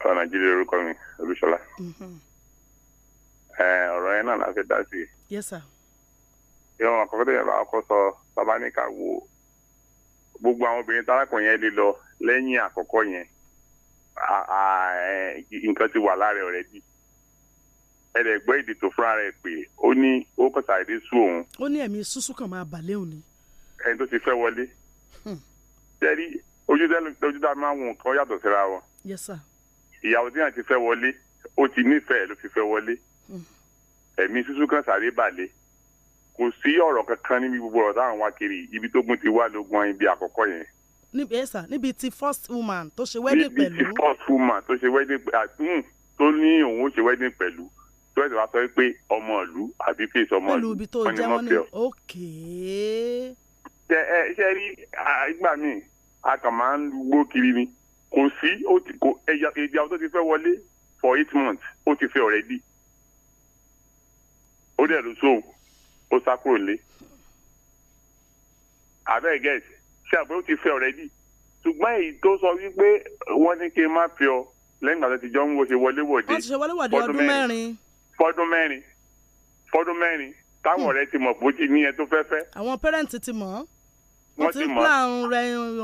ọ̀rọ̀ nàìjíríà orúkọ mi olúṣọlá. Mhm. ọ̀rọ̀ yẹn náà la fẹ́ dá sí i. yes sir gbogbo àwọn obìnrin tarakùnrin yẹn lè lọ lẹ́yìn àkọ́kọ́ yẹn nǹkan ti wà lára ọ̀rẹ́ bí ẹ̀ẹ́dẹ̀gbọ́ èdè tó fúnra rẹ̀ pé ó ní ó kọ̀tà èdè sú òun. ó ní ẹ̀mí súnsú kan máa bà léwu ni. ẹni tó ti fẹ́ wọlé. sẹ́rí hmm. ojú dá máa ń wo nǹkan yàtọ̀ síra wọn. ìyàwó tí yàn ti fẹ́ wọlé ó ti nífẹ̀ẹ́ ló fi fẹ́ wọlé. Hmm. ẹ̀mí súnsú kan sáré bà lé kò sí ọ̀rọ̀ kankan níbi gbogbo ọ̀rọ̀ táwọn wá ibi tó gun ti wá lógun ọyìn bíi àkọ́kọ́ yẹn. níbi ẹ̀sà níbi ti first woman tó ṣe wedding pẹ̀lú. níbi ti first woman tó ṣe wedding pẹ̀lú hmm, tó ní òun ó ṣe wedding pẹ̀lú tó ẹ̀sẹ̀ wá sọ pé ọmọ ìlú àbí fèsì ọmọ ìlú wọn ni wọ́n fẹ́ ọ. ṣe ẹ ṣe rí ìgbà míì a kàn máa ń gbó kiri ni kò sí ìyàwó tó ti fẹ́ wọlé for eight months ó ti fẹ́ already ó dẹ̀ lọ sóhùn ó sá kúrò lé abẹ́ẹ̀ gẹ̀ẹ́sì ṣé àbúrò ti fẹ́ ọ̀rẹ́dì ṣùgbọ́n èyí tó sọ wípé wọ́n ní kí n má fi ọ lẹ́yìn ìgbà tó ti jọ ń wo ṣe wọléwọ̀de fọdún mẹ́rin fọdún mẹ́rin fọdún mẹ́rin táwọn hmm. ọ̀rẹ́ ti mọ̀ bó ti ní ẹ tó fẹ́ fẹ́. àwọn pẹ́rẹ́ǹtì ti mọ̀ ọ́ wọ́n ti plan rẹ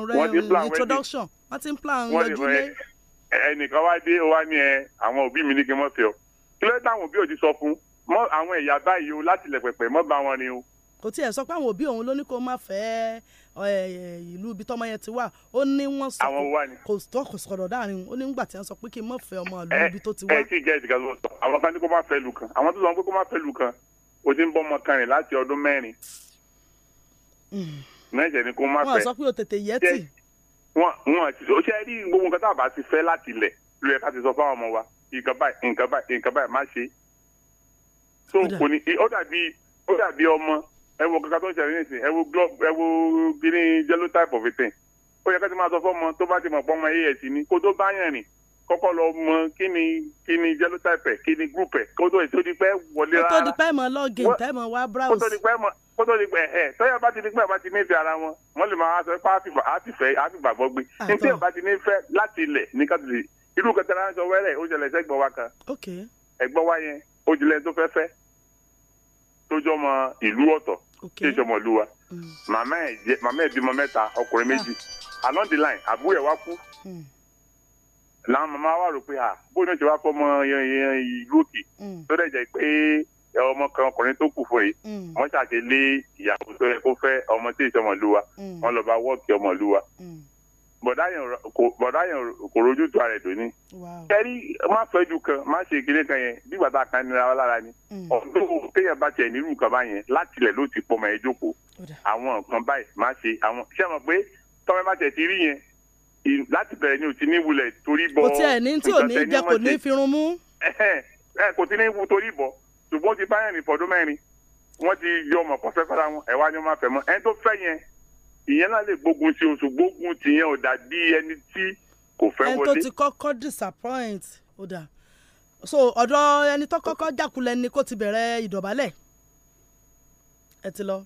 rẹ introduction wọ́n ti plan rẹjúlé. ẹnìkan wá dé ó wá ní ẹ àwọn òbí mi ní kí n mọ̀ fi ọ kí ló dé táwọn òbí ò ti sọ fún un mọ àwọn ẹ̀yà báyìí o láti lẹ̀ pẹ̀pẹ̀ bá wọn ni o. kò tiẹ̀ sọ pé àwọn òbí òun ló ní kó má fẹ́ ìlú ibi tọ́mọ yẹn ti wà ó ní wọ́n sọ kò tó kò sọ̀rọ̀ dáàrin ó ní gbà tí wọ́n sọ pé kí n má fẹ́ ọmọ ìlú ibi tó ti wà. ẹ ẹ ti gẹ ìdìgà lọ sọ àwọn kan ní kó má fẹ́ lù kan àwọn tó sọ pé kó má fẹ́ lù kan o ti ń bọ́ ọmọ kan rìn láti ọdún mẹ́rin. mẹ́jẹ̀ hmm. ni kó má fẹ́. wọ́n sọ pé o tètè yẹ tì. wọ́n wọ́n ti rí gbogbo nǹkan tá a bá ti fẹ́ láti ilẹ̀ lóye ká ti sọ fáwọn ọmọ wa nǹkan báyìí nǹkan báyìí so kò ní ó dàbí ó dàbí ọmọ ẹ wo kankan tó ń ṣẹlẹ̀ nísìnyí ẹ wo glove ẹ wo green yellow type of a thing ó yẹ ká ti máa sọ fọ́mọ tó bá ti mọ̀ pọ́nmọ AS ni kó tó bá yàn rìn kọ́kọ́ lọ mọ kí ni kí ni yellow type ẹ̀ kí ni group ẹ̀ kó tó ètò ìdípẹ́ wọlé rárá kó tó dípẹ́ mọ login tẹ́ mọ wá browse kó tó dípẹ́ mọ kó tó dípẹ́ ẹ̀ tọ́yà bá ti dípẹ́ bá ti nífẹ̀ẹ́ ara wọn wọ́n lè máa sọ pé àfìfẹ́ àfìgbàgbọ́ gbé ní tí ìbá ti nífẹ̀ẹ́ láti ilẹ̀ ní kátìlì irú kẹtẹrẹ aṣọ wẹ́rẹ̀ ó jẹlẹ̀ sẹ́gbọ̀n wa kan ẹ̀gbọ́n wa yẹn ó jẹlẹ̀ tó fẹ́ fẹ́ tó jọmọ ìlú ọ̀tọ̀ tí ìjọmọ ìlú wa mm. màmá ẹ̀ bímọ mẹ́ta ọkùnrin ah. méjì along the line àbúrò ẹ̀ wá kú mm. làwọn màmá wa rò pé bóyá náà ṣe wá fọmọ ìlú òkè mm. tó dẹ̀ jẹ́ pé ọmọ kan ọkùnrin tó kù fún yìí wọ́n ṣàṣe lé ìyàwó tó yẹ kó fẹ́ ọmọ tí ìṣọmọlúwa wọ́n lọ bá wọ́ọ̀kì ọmọlúwa bọ̀dá yẹn kò rojú tó ara ẹ̀ ni. kẹ́rí má fẹ́jú kan má ṣe ìkéde kan yẹn bí bàtà kan nira wa lára ni. Mm. ọ̀dọ́ kéèyàn bá tiẹ̀ nírú nǹkan báyẹn láti ilẹ̀ ló ti pọ̀ mọ́ ẹ jókòó. àwọn nǹkan báyìí má ṣe àwọn ṣé mo pé tọ́wẹ́ má tẹ̀ ti rí yẹn láti bẹ̀rẹ̀ ni ò ti ní wulẹ̀ torí bọ́. kò tiẹ̀ ní tí ò ní jẹ́ kò ní firun mú. kò ti ní wu torí bọ́ ṣùgbọ́n ti báyẹn rìn fọdún ni ìyẹn náà lè gbógun ti oṣù gbógun ti yẹn ò dàbí ẹni tí kò fẹ́ wọlé. ẹni tó ti kọ́kọ́ disappoint ó dà so ọ̀dọ̀ ẹni tó kọ́kọ́ jákulẹ̀ ni kó ti bẹ̀rẹ̀ ìdọ̀bálẹ̀ ẹ ti lọ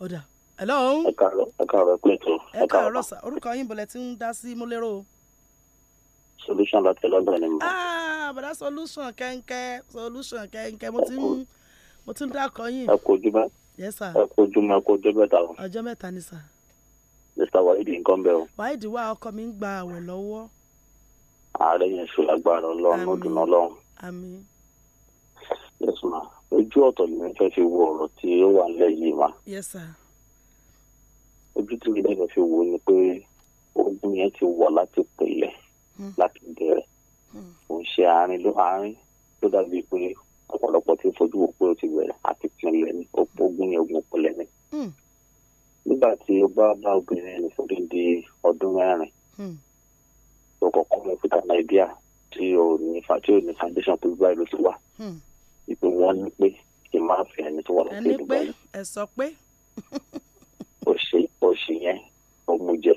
ó dà hello. ẹ káàárọ̀ ẹ káàárọ̀ pé tó. ẹ káàárọ̀ sà orúkọ yín bọ̀lẹ̀ tí ń dá sí mú lérò o. solution láti london ni mo. ah bàdá solution kẹ́ńkẹ́ solution kẹ́ńkẹ́ mo ti ń mo ti ń dákọ̀ yín. ẹ kojú báyìí yes sir. ẹ kojú mọ ẹkọ ọjọ́ mẹ́ta o. ọjọ́ mẹ́ta ni sà. mr waheed nǹkan bẹ́ẹ̀ o. waheed wá ọkọ mi ń gba àwẹ̀ lọ́wọ́. ààrẹ yẹn ṣe lágbára ọlọ́run ó dùn ọlọ́run. yes ma ojú ọ̀tọ̀ ni mo fẹ́ fi wo ọ̀rọ̀ tí ó wà nílẹ̀ yìí ma. yes sir. ojú tí mi dẹ́gbẹ̀ fi wo ni pé ogun yẹn ti wọ̀ láti pèlẹ̀ hmm. láti bẹ̀rẹ̀ hmm. kò ń ṣe àárín ló àárín ló dàbí pé ọ̀pọ̀lọpọ̀ ti fojú wò pé ó ti wẹ̀rẹ̀ àti pinlẹ̀ ni ogun yẹn ogun pinlẹ̀ ni. Hmm. nígbà tí ó bá bá obìnrin ẹni sórí di ọdún mẹ́rin tó kọ̀ọ̀kan mọ̀ fún tàbí nàìjíríà tí ò ní tí ò ní foundation tó gbá ìlú tó wà. Hmm. ìpè wọn ní pé kí n máa fi ẹni tó wà lókè dùgbà yìí. ẹ sọ pé. òṣè òṣè yẹn ọmọ jẹ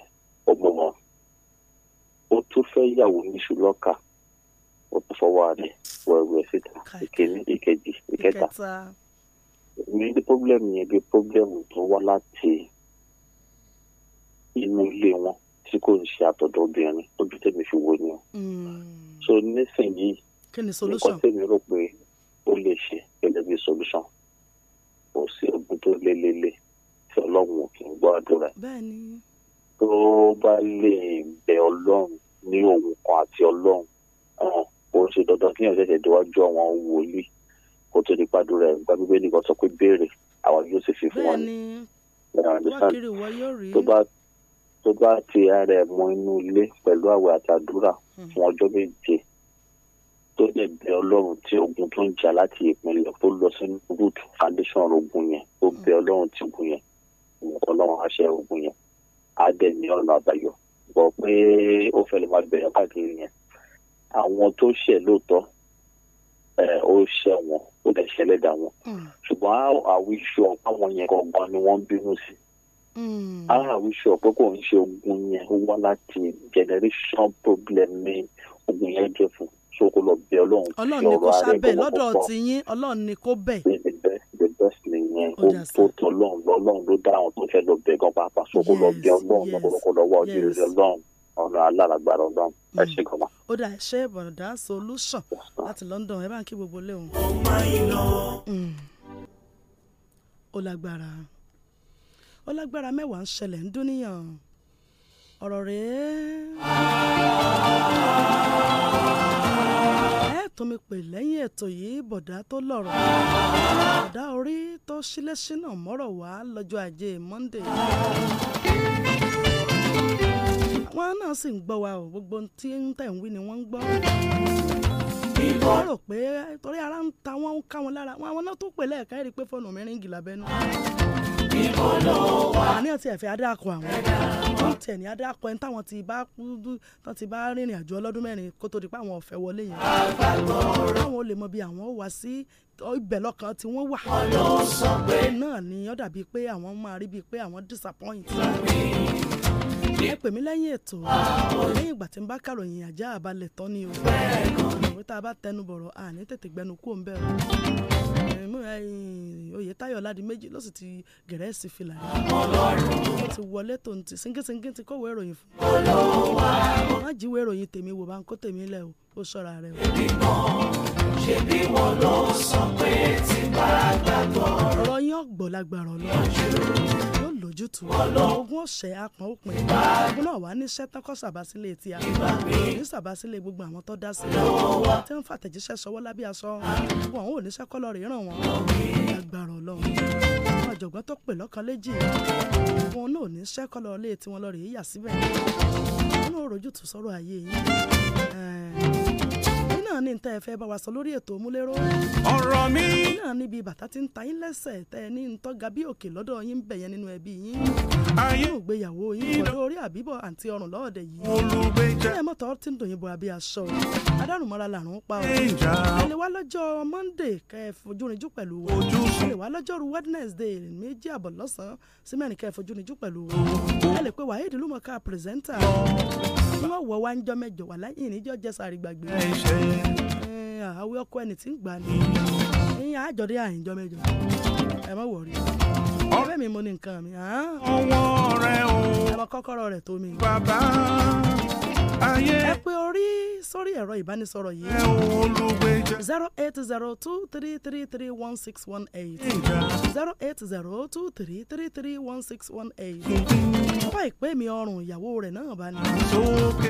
ọmọ wọn ó tún fẹ́ yàwó níṣu lọ́kà fọwọ́adé wẹ̀wẹ̀ síta ìkíní ìkejì ìkẹta. ní pọ́blẹ́mù yẹn bí pọ́blẹ́mù tó wá láti inú ilé wọn tí kò ń ṣe àtọ̀dọ̀ obìnrin ojú tèmi fi wo ni o. Hmm. so nísìnyìí nǹkan tèmi rò pé ó lè ṣe gẹ́gẹ́ bí solution kò sí ogun tó lélele tí ọlọ́run kì í gbọ́ àdúrà tó bá lè bẹ ọlọ́run ní òun kan àti ọlọ́run. Ah, ó ṣe dandan kí èèyàn ṣẹ̀ṣẹ̀ déwájú àwọn wòlíì kó tó di pàdúrà ẹ̀ nípa bíbélì kan sọ pé béèrè àwọn yóò sì fi fún wọn ní tó bá ti ara ẹ̀ mọ inú ilé pẹ̀lú àwẹ̀ àtàdúrà hmm. fún ọjọ́ méje tó lè bẹ ọlọ́run tí ogun tó ń jà láti ìpínlẹ̀ tó lọ sínú root foundation ogun yẹn tó hmm. bẹ ọlọ́run tí ogun yẹn ọlọ́run àṣẹ ogun yẹn á dẹ̀ ní ọ̀nà àbáyọ bọ̀ pé ó fẹ́ lè máa bẹ̀rẹ̀ káàkiri yẹn àwọn tó ṣẹ̀ lóòótọ́ ó ṣẹ̀ wọn ó dẹ̀ ṣẹlẹ̀ dà wọn hmm. ṣùgbọ́n àwọn iṣu àwọn yẹn gangan ni wọ́n bínú sí ara hmm. àwọn kò ń ṣe ogun yẹn wá láti generation problem ni ogun yẹn jẹ́ fún so lọ bẹ Ọlọ́run fi ọ̀rọ̀ ààrẹ gbọ́dọ̀ pọ̀ lọ́dọ̀ tí yín Ọlọ́run ni kò bẹ̀ best nìyẹn ó tó tọ́ lọ́run lọ́run ló dá àwọn tó fẹ́ lọ bẹ̀ gan pàápàá so lọ bẹ Ọlọ́run lọ́kọ̀ọ́kọ́ lọ́wọ́ ọdún rẹ̀ lọ́run ọ̀nà aláragbára ọlọ́run ẹ ṣe gan ma. ó dà ṣe bọ̀dà solution láti London ẹ bá ń kí gbogbo léwu. Mm. ó lágbára ó lágbára mẹ́wàá ń ṣẹlẹ̀ ń dúníyàn ọ̀rọ̀ rèé. ẹ mi pè lẹ́yìn ètò yìí bọ̀dá tó lọ́rọ̀ bọ̀dá orí tó ṣílẹ̀ṣínà mọ́rọ̀ wá lọ́jọ́ ajé Monday wọn náà sì ń gbọ́ wa o gbogbo tí ń tẹ̀ ń wí ni wọ́n ń gbọ́. wọ́n rò pé torí ara ń ta wọ́n ká wọn lára wọn àwọn náà tó pè lẹ́ẹ̀ka ẹ̀rí pé fọ́ọ̀nù mi ríngì lábẹ́nu. àní àti ẹ̀fẹ̀ adáàkọ̀ àwọn wọ́n tẹ̀ ní adáàkọ̀ ẹni táwọn ti bá tán ti bá rìnrìn àjò ọlọ́dún mẹ́rin kó tó di pé àwọn ọ̀fẹ́ wọlé yẹn. àwọn ibẹ̀ lọ́kàn tí wọ́n wà. náà ni ó pé àwọn máa rí bíi pé àwọn disappoint ẹ pè mí lẹ́yìn ètò lẹ́yìn ìgbà tí n bá kàròyìn ajá àbálẹ̀ tán ni o ìwé tá a bá tẹnu bọ̀rọ̀ à ní tètè gbẹnu kú òun bẹ́ẹ̀ o oyè táyọ̀ ládi méjì ló sì ti gẹ̀rẹ́sì fìlà yìí ó ti wọlé tó ń ti síngínsíngín ti kọ̀wé ìròyìn fún un má jíwèé ìròyìn tèmi wò bá ń kó tèmi lẹ̀ o ó ṣọ́ra rẹ o. èmi wọn ló sọ pé tí bá gbàgbọ́. ọ̀rọ̀ yín ọ̀gbọ̀n lágbára ọlọ́run ojútùú ogun ọ̀sẹ̀ apọ̀n òpin ogun náà wà níṣẹ́ tọ́kọ́ sàbásílẹ̀ tí a ní sàbásílẹ̀ gbogbo àwọn tó dá sí tí wọ́n fàtẹ̀jíṣẹ́ sọwọ́ lábẹ́ aṣọ wọn ò níṣẹ́ kọ́lọ́ rẹ̀ ràn wọ́n agbára ọlọ́run àwọn àjọ̀gbọ́n tó pè lọ́kàn léjì wọn náà níṣẹ́ kọ́lọ́ lé tiwọn lọ rèé yà síbẹ̀ wọn náà rojú sọ́rọ̀ ayé yìí náà ní ntẹ́ fẹ́ bá wa sọ lórí ètò òmúlérò. ọ̀rọ̀ mi. náà níbi bàtà ti ń ta yín lẹ́sẹ̀ tẹ́ ẹ ní ntọ́ga bí òkè lọ́dọ̀ yín ń bẹ̀yẹn nínú ẹbí yín. ayé yóò gbéyàwó yín pẹ̀lú orí àbíbọ̀ àti ọrùn lọ́ọ̀dẹ̀ yìí. olùgbèjà. ilé mọ́tò ti ń dùn yín bọ abẹ́ aṣọ. adárùnmọ́ra làrún pa o. ilé wa lọ́jọ́ tí wọ́n wá ń jọ mẹ́jọ wà láyé ìníjọ́ jẹ́ sàrí gbàgbé àwẹ ọkọ ẹni tí ń gbà ní ní àjọdé àyìnjọ mẹ́jọ ẹ má wọrí ọbẹ mi mo ní nǹkan mi. ọwọ́ rẹ o ẹ̀rọ kọ́kọ́rọ́ rẹ̀ tó mi. bàbá ayé. ẹ pé orí sórí ẹ̀rọ ìbánisọ̀rọ̀ yìí zero eight zero two three three three one six one eight zero eight zero two three three three one six one eight fún àìpẹ́ mi ọrùn ìyàwó rẹ̀ náà bá ní.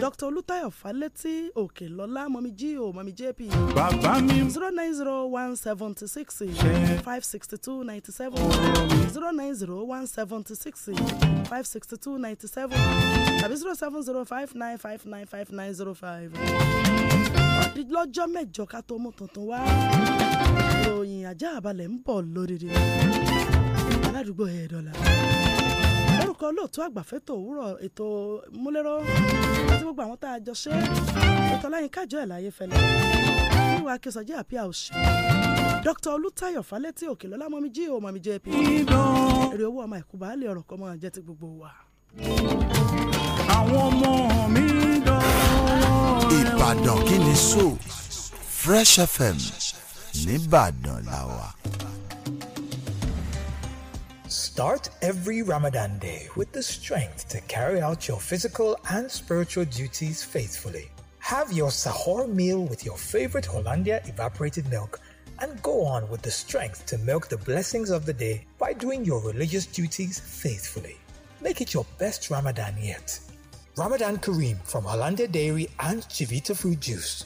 Dr. Olútáyọ̀ Fálétí Òkèlọ́lá mọ̀mí jí o mọ̀mí jp zero nine zero one seventy six five sixty two ninety seven zero nine zero one seventy six five sixty two ninety seven tàbí zero seven zero five nine five nine five nine zero five lọ́jọ́ mẹ́jọ ká tó mú tuntun wá ìròyìn ajá àbálẹ̀ ń bọ̀ lóríire aládùúgbò ẹ̀ẹ́dọ́là orúkọ olóòtú àgbàfẹ́tò òwúrọ̀ ètò múlẹ́rọ́ àti gbogbo àwọn tá a jọ ṣe ètò ọláyin kájọ ẹ̀ láyé fẹlẹ̀ níwà akínsọjí àpíà òṣì dr olùtayọ̀ falẹ́tì òkèlọ́lá mọ́mí jí òun mọ́mí jp èrè owó ọmọ ẹ̀kú baálé ọ̀rọ̀ kọ́mọ jẹ́ ti gbogbo wa. àwọn ọmọ mi Ìbàdàn kí ni so Fresh FM nìbàdàn la wà. Start every Ramadan day with the strength to carry out your physical and spiritual duties faithfully. Have your sahur meal with your favorite Hollandia evaporated milk and go on with the strength to milk the blessings of the day by doing your religious duties faithfully. Make it your best Ramadan yet Ramadan Kareem from Alanda Dairy and Chivita Fruit Juice.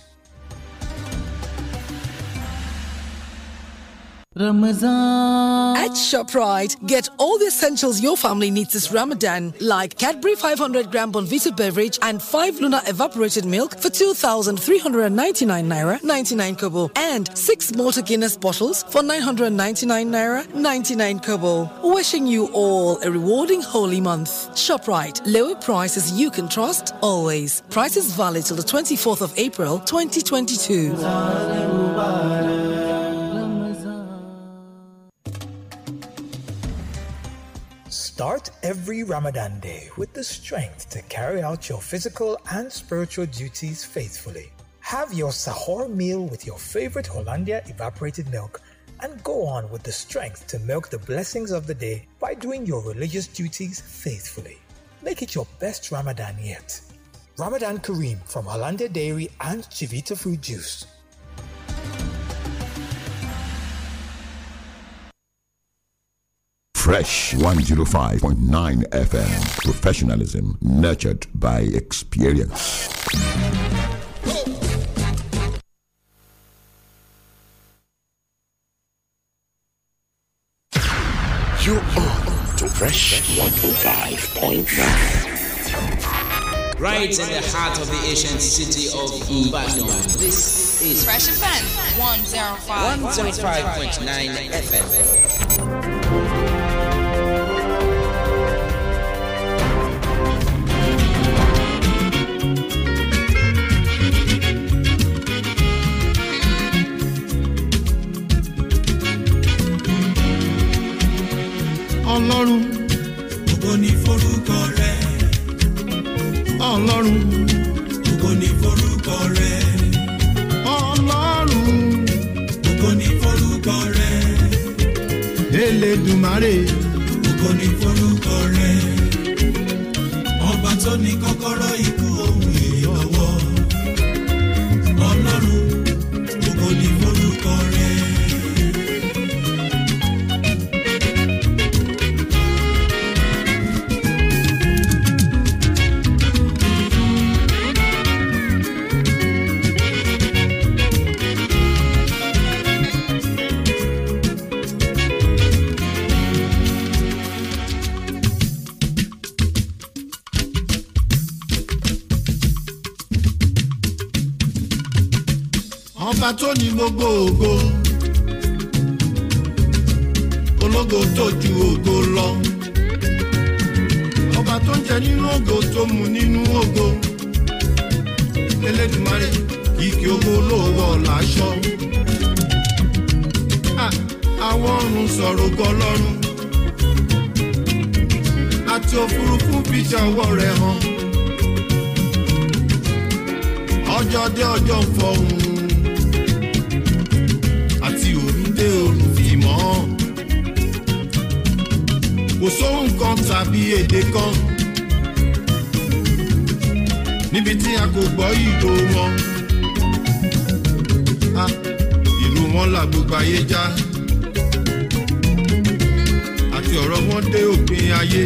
Ramadan. At ShopRite, get all the essentials your family needs this Ramadan, like Cadbury 500 gram Bonvita beverage and 5 Luna evaporated milk for 2,399 naira 99 kobo, and 6 Malta Guinness bottles for 999 naira 99 kobo. Wishing you all a rewarding holy month. ShopRite, lower prices you can trust always. Prices valid till the 24th of April 2022. Start every Ramadan day with the strength to carry out your physical and spiritual duties faithfully. Have your sahur meal with your favorite Hollandia evaporated milk and go on with the strength to milk the blessings of the day by doing your religious duties faithfully. Make it your best Ramadan yet. Ramadan Kareem from Hollandia Dairy and Chivita Fruit Juice. Fresh 105.9 FM. Professionalism nurtured by experience. You are to Fresh 105.9. Right in the heart of the ancient city of Ibadan. This is Fresh FM 105.9 105. 105. 105. FM. ọlọ́run. ògo ni forúkọ rẹ. ọlọ́run. ògo ni forúkọ rẹ. ọlọ́run. ògo ni forúkọ rẹ. elédùmarè. ògo ni forúkọ rẹ. ọba tó ní kọ́kọ́rọ́ ikú. ọba tó ní gbogbo ògo ológo tó ju ògo lọ ọba tó ń jẹ nínú ògo tó mu nínú ògo Elédùmarè kìkì ògo lówó làásọ àwọn ọ̀run sọ̀rọ̀ gọlọ́run àti òfurufú fìjà ọwọ́ rẹ̀ hàn ọjọ́ dé ọjọ́ ń fọ̀hún. kò sóhun kan tàbí èdè kan níbi tí a kò gbọ́ ìlò wọn. Ah, ìlú wọn là gbogbo ayé já àti ọ̀rọ̀ wọn dé òpin ayé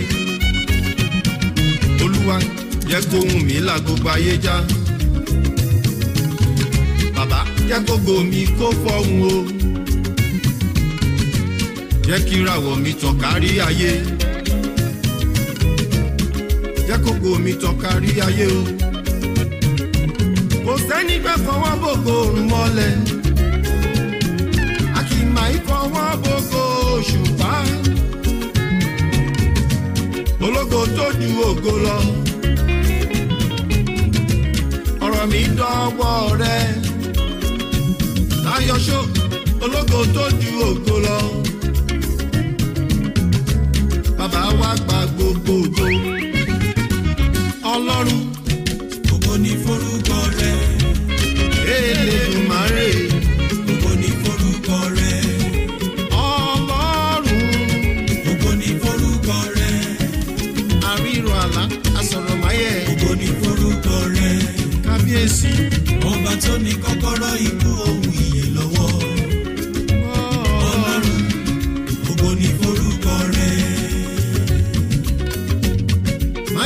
olúwa jẹ́ kó ohùn mi là gbogbo ayé já bàbá jẹ́ kó gbòmí kó fọ́hùn o jẹ́ kí ìràwọ̀ mi tàn kárí ayé jẹ́ kókó mi tàn kárí ayé o. kò sẹ́ni fẹ́ fọwọ́ bògo òrùn mọ́lẹ̀ a kì í máa ń fọwọ́ bògo òṣùpá ológo tó ju ògo lọ ọ̀rọ̀ mi dọ́wọ́ rẹ̀ Táyọ̀ ṣó ológo tó ju ògo lọ.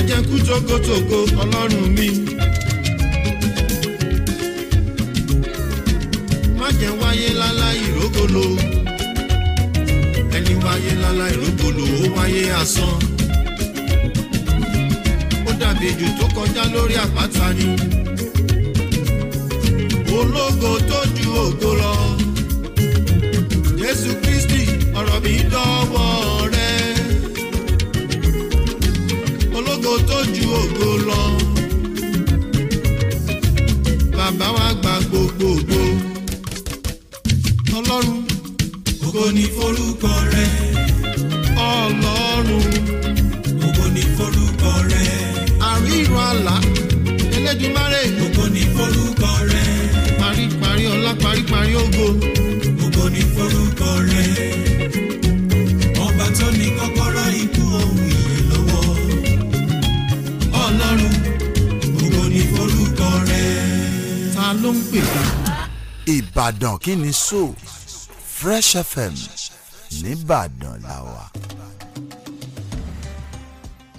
májẹ̀kú togotogo ọlọ́run mi. májẹ̀ wáyé lálá ìrógolo ẹni wáyé lálá ìrógolo ó wáyé asán. ó dàbí ejò tó kọjá lórí àpáta ni. ológo tó ju ògo lọ. jésù kristi ọ̀rọ̀ mi dọ́wọ́ rẹ̀. ògo tó ju ògo lọ. Bàbá wa gba gbogbo Ọlọ́run. Ògo ni forúkọ rẹ. Ọlọ́run. ló ń pè é. Ìbàdàn kí ni so Fresh FM nìbàdàn la wà.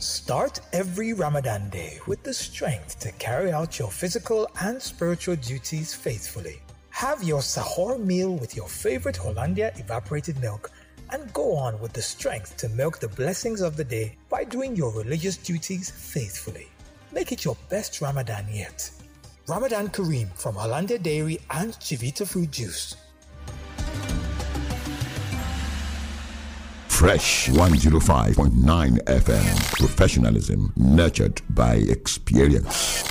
Start every Ramadan day with the strength to carry out your physical and spiritual duties faithfully. Have your sahur meal with your favorite Hollandia evaporated milk and go on with the strength to milk the blessings of the day by doing your religious duties faithfully. Make it your best Ramadan yet Ramadan Kareem from Alanda Dairy and Chivita Fruit Juice. Fresh 105.9 FM. Professionalism nurtured by experience.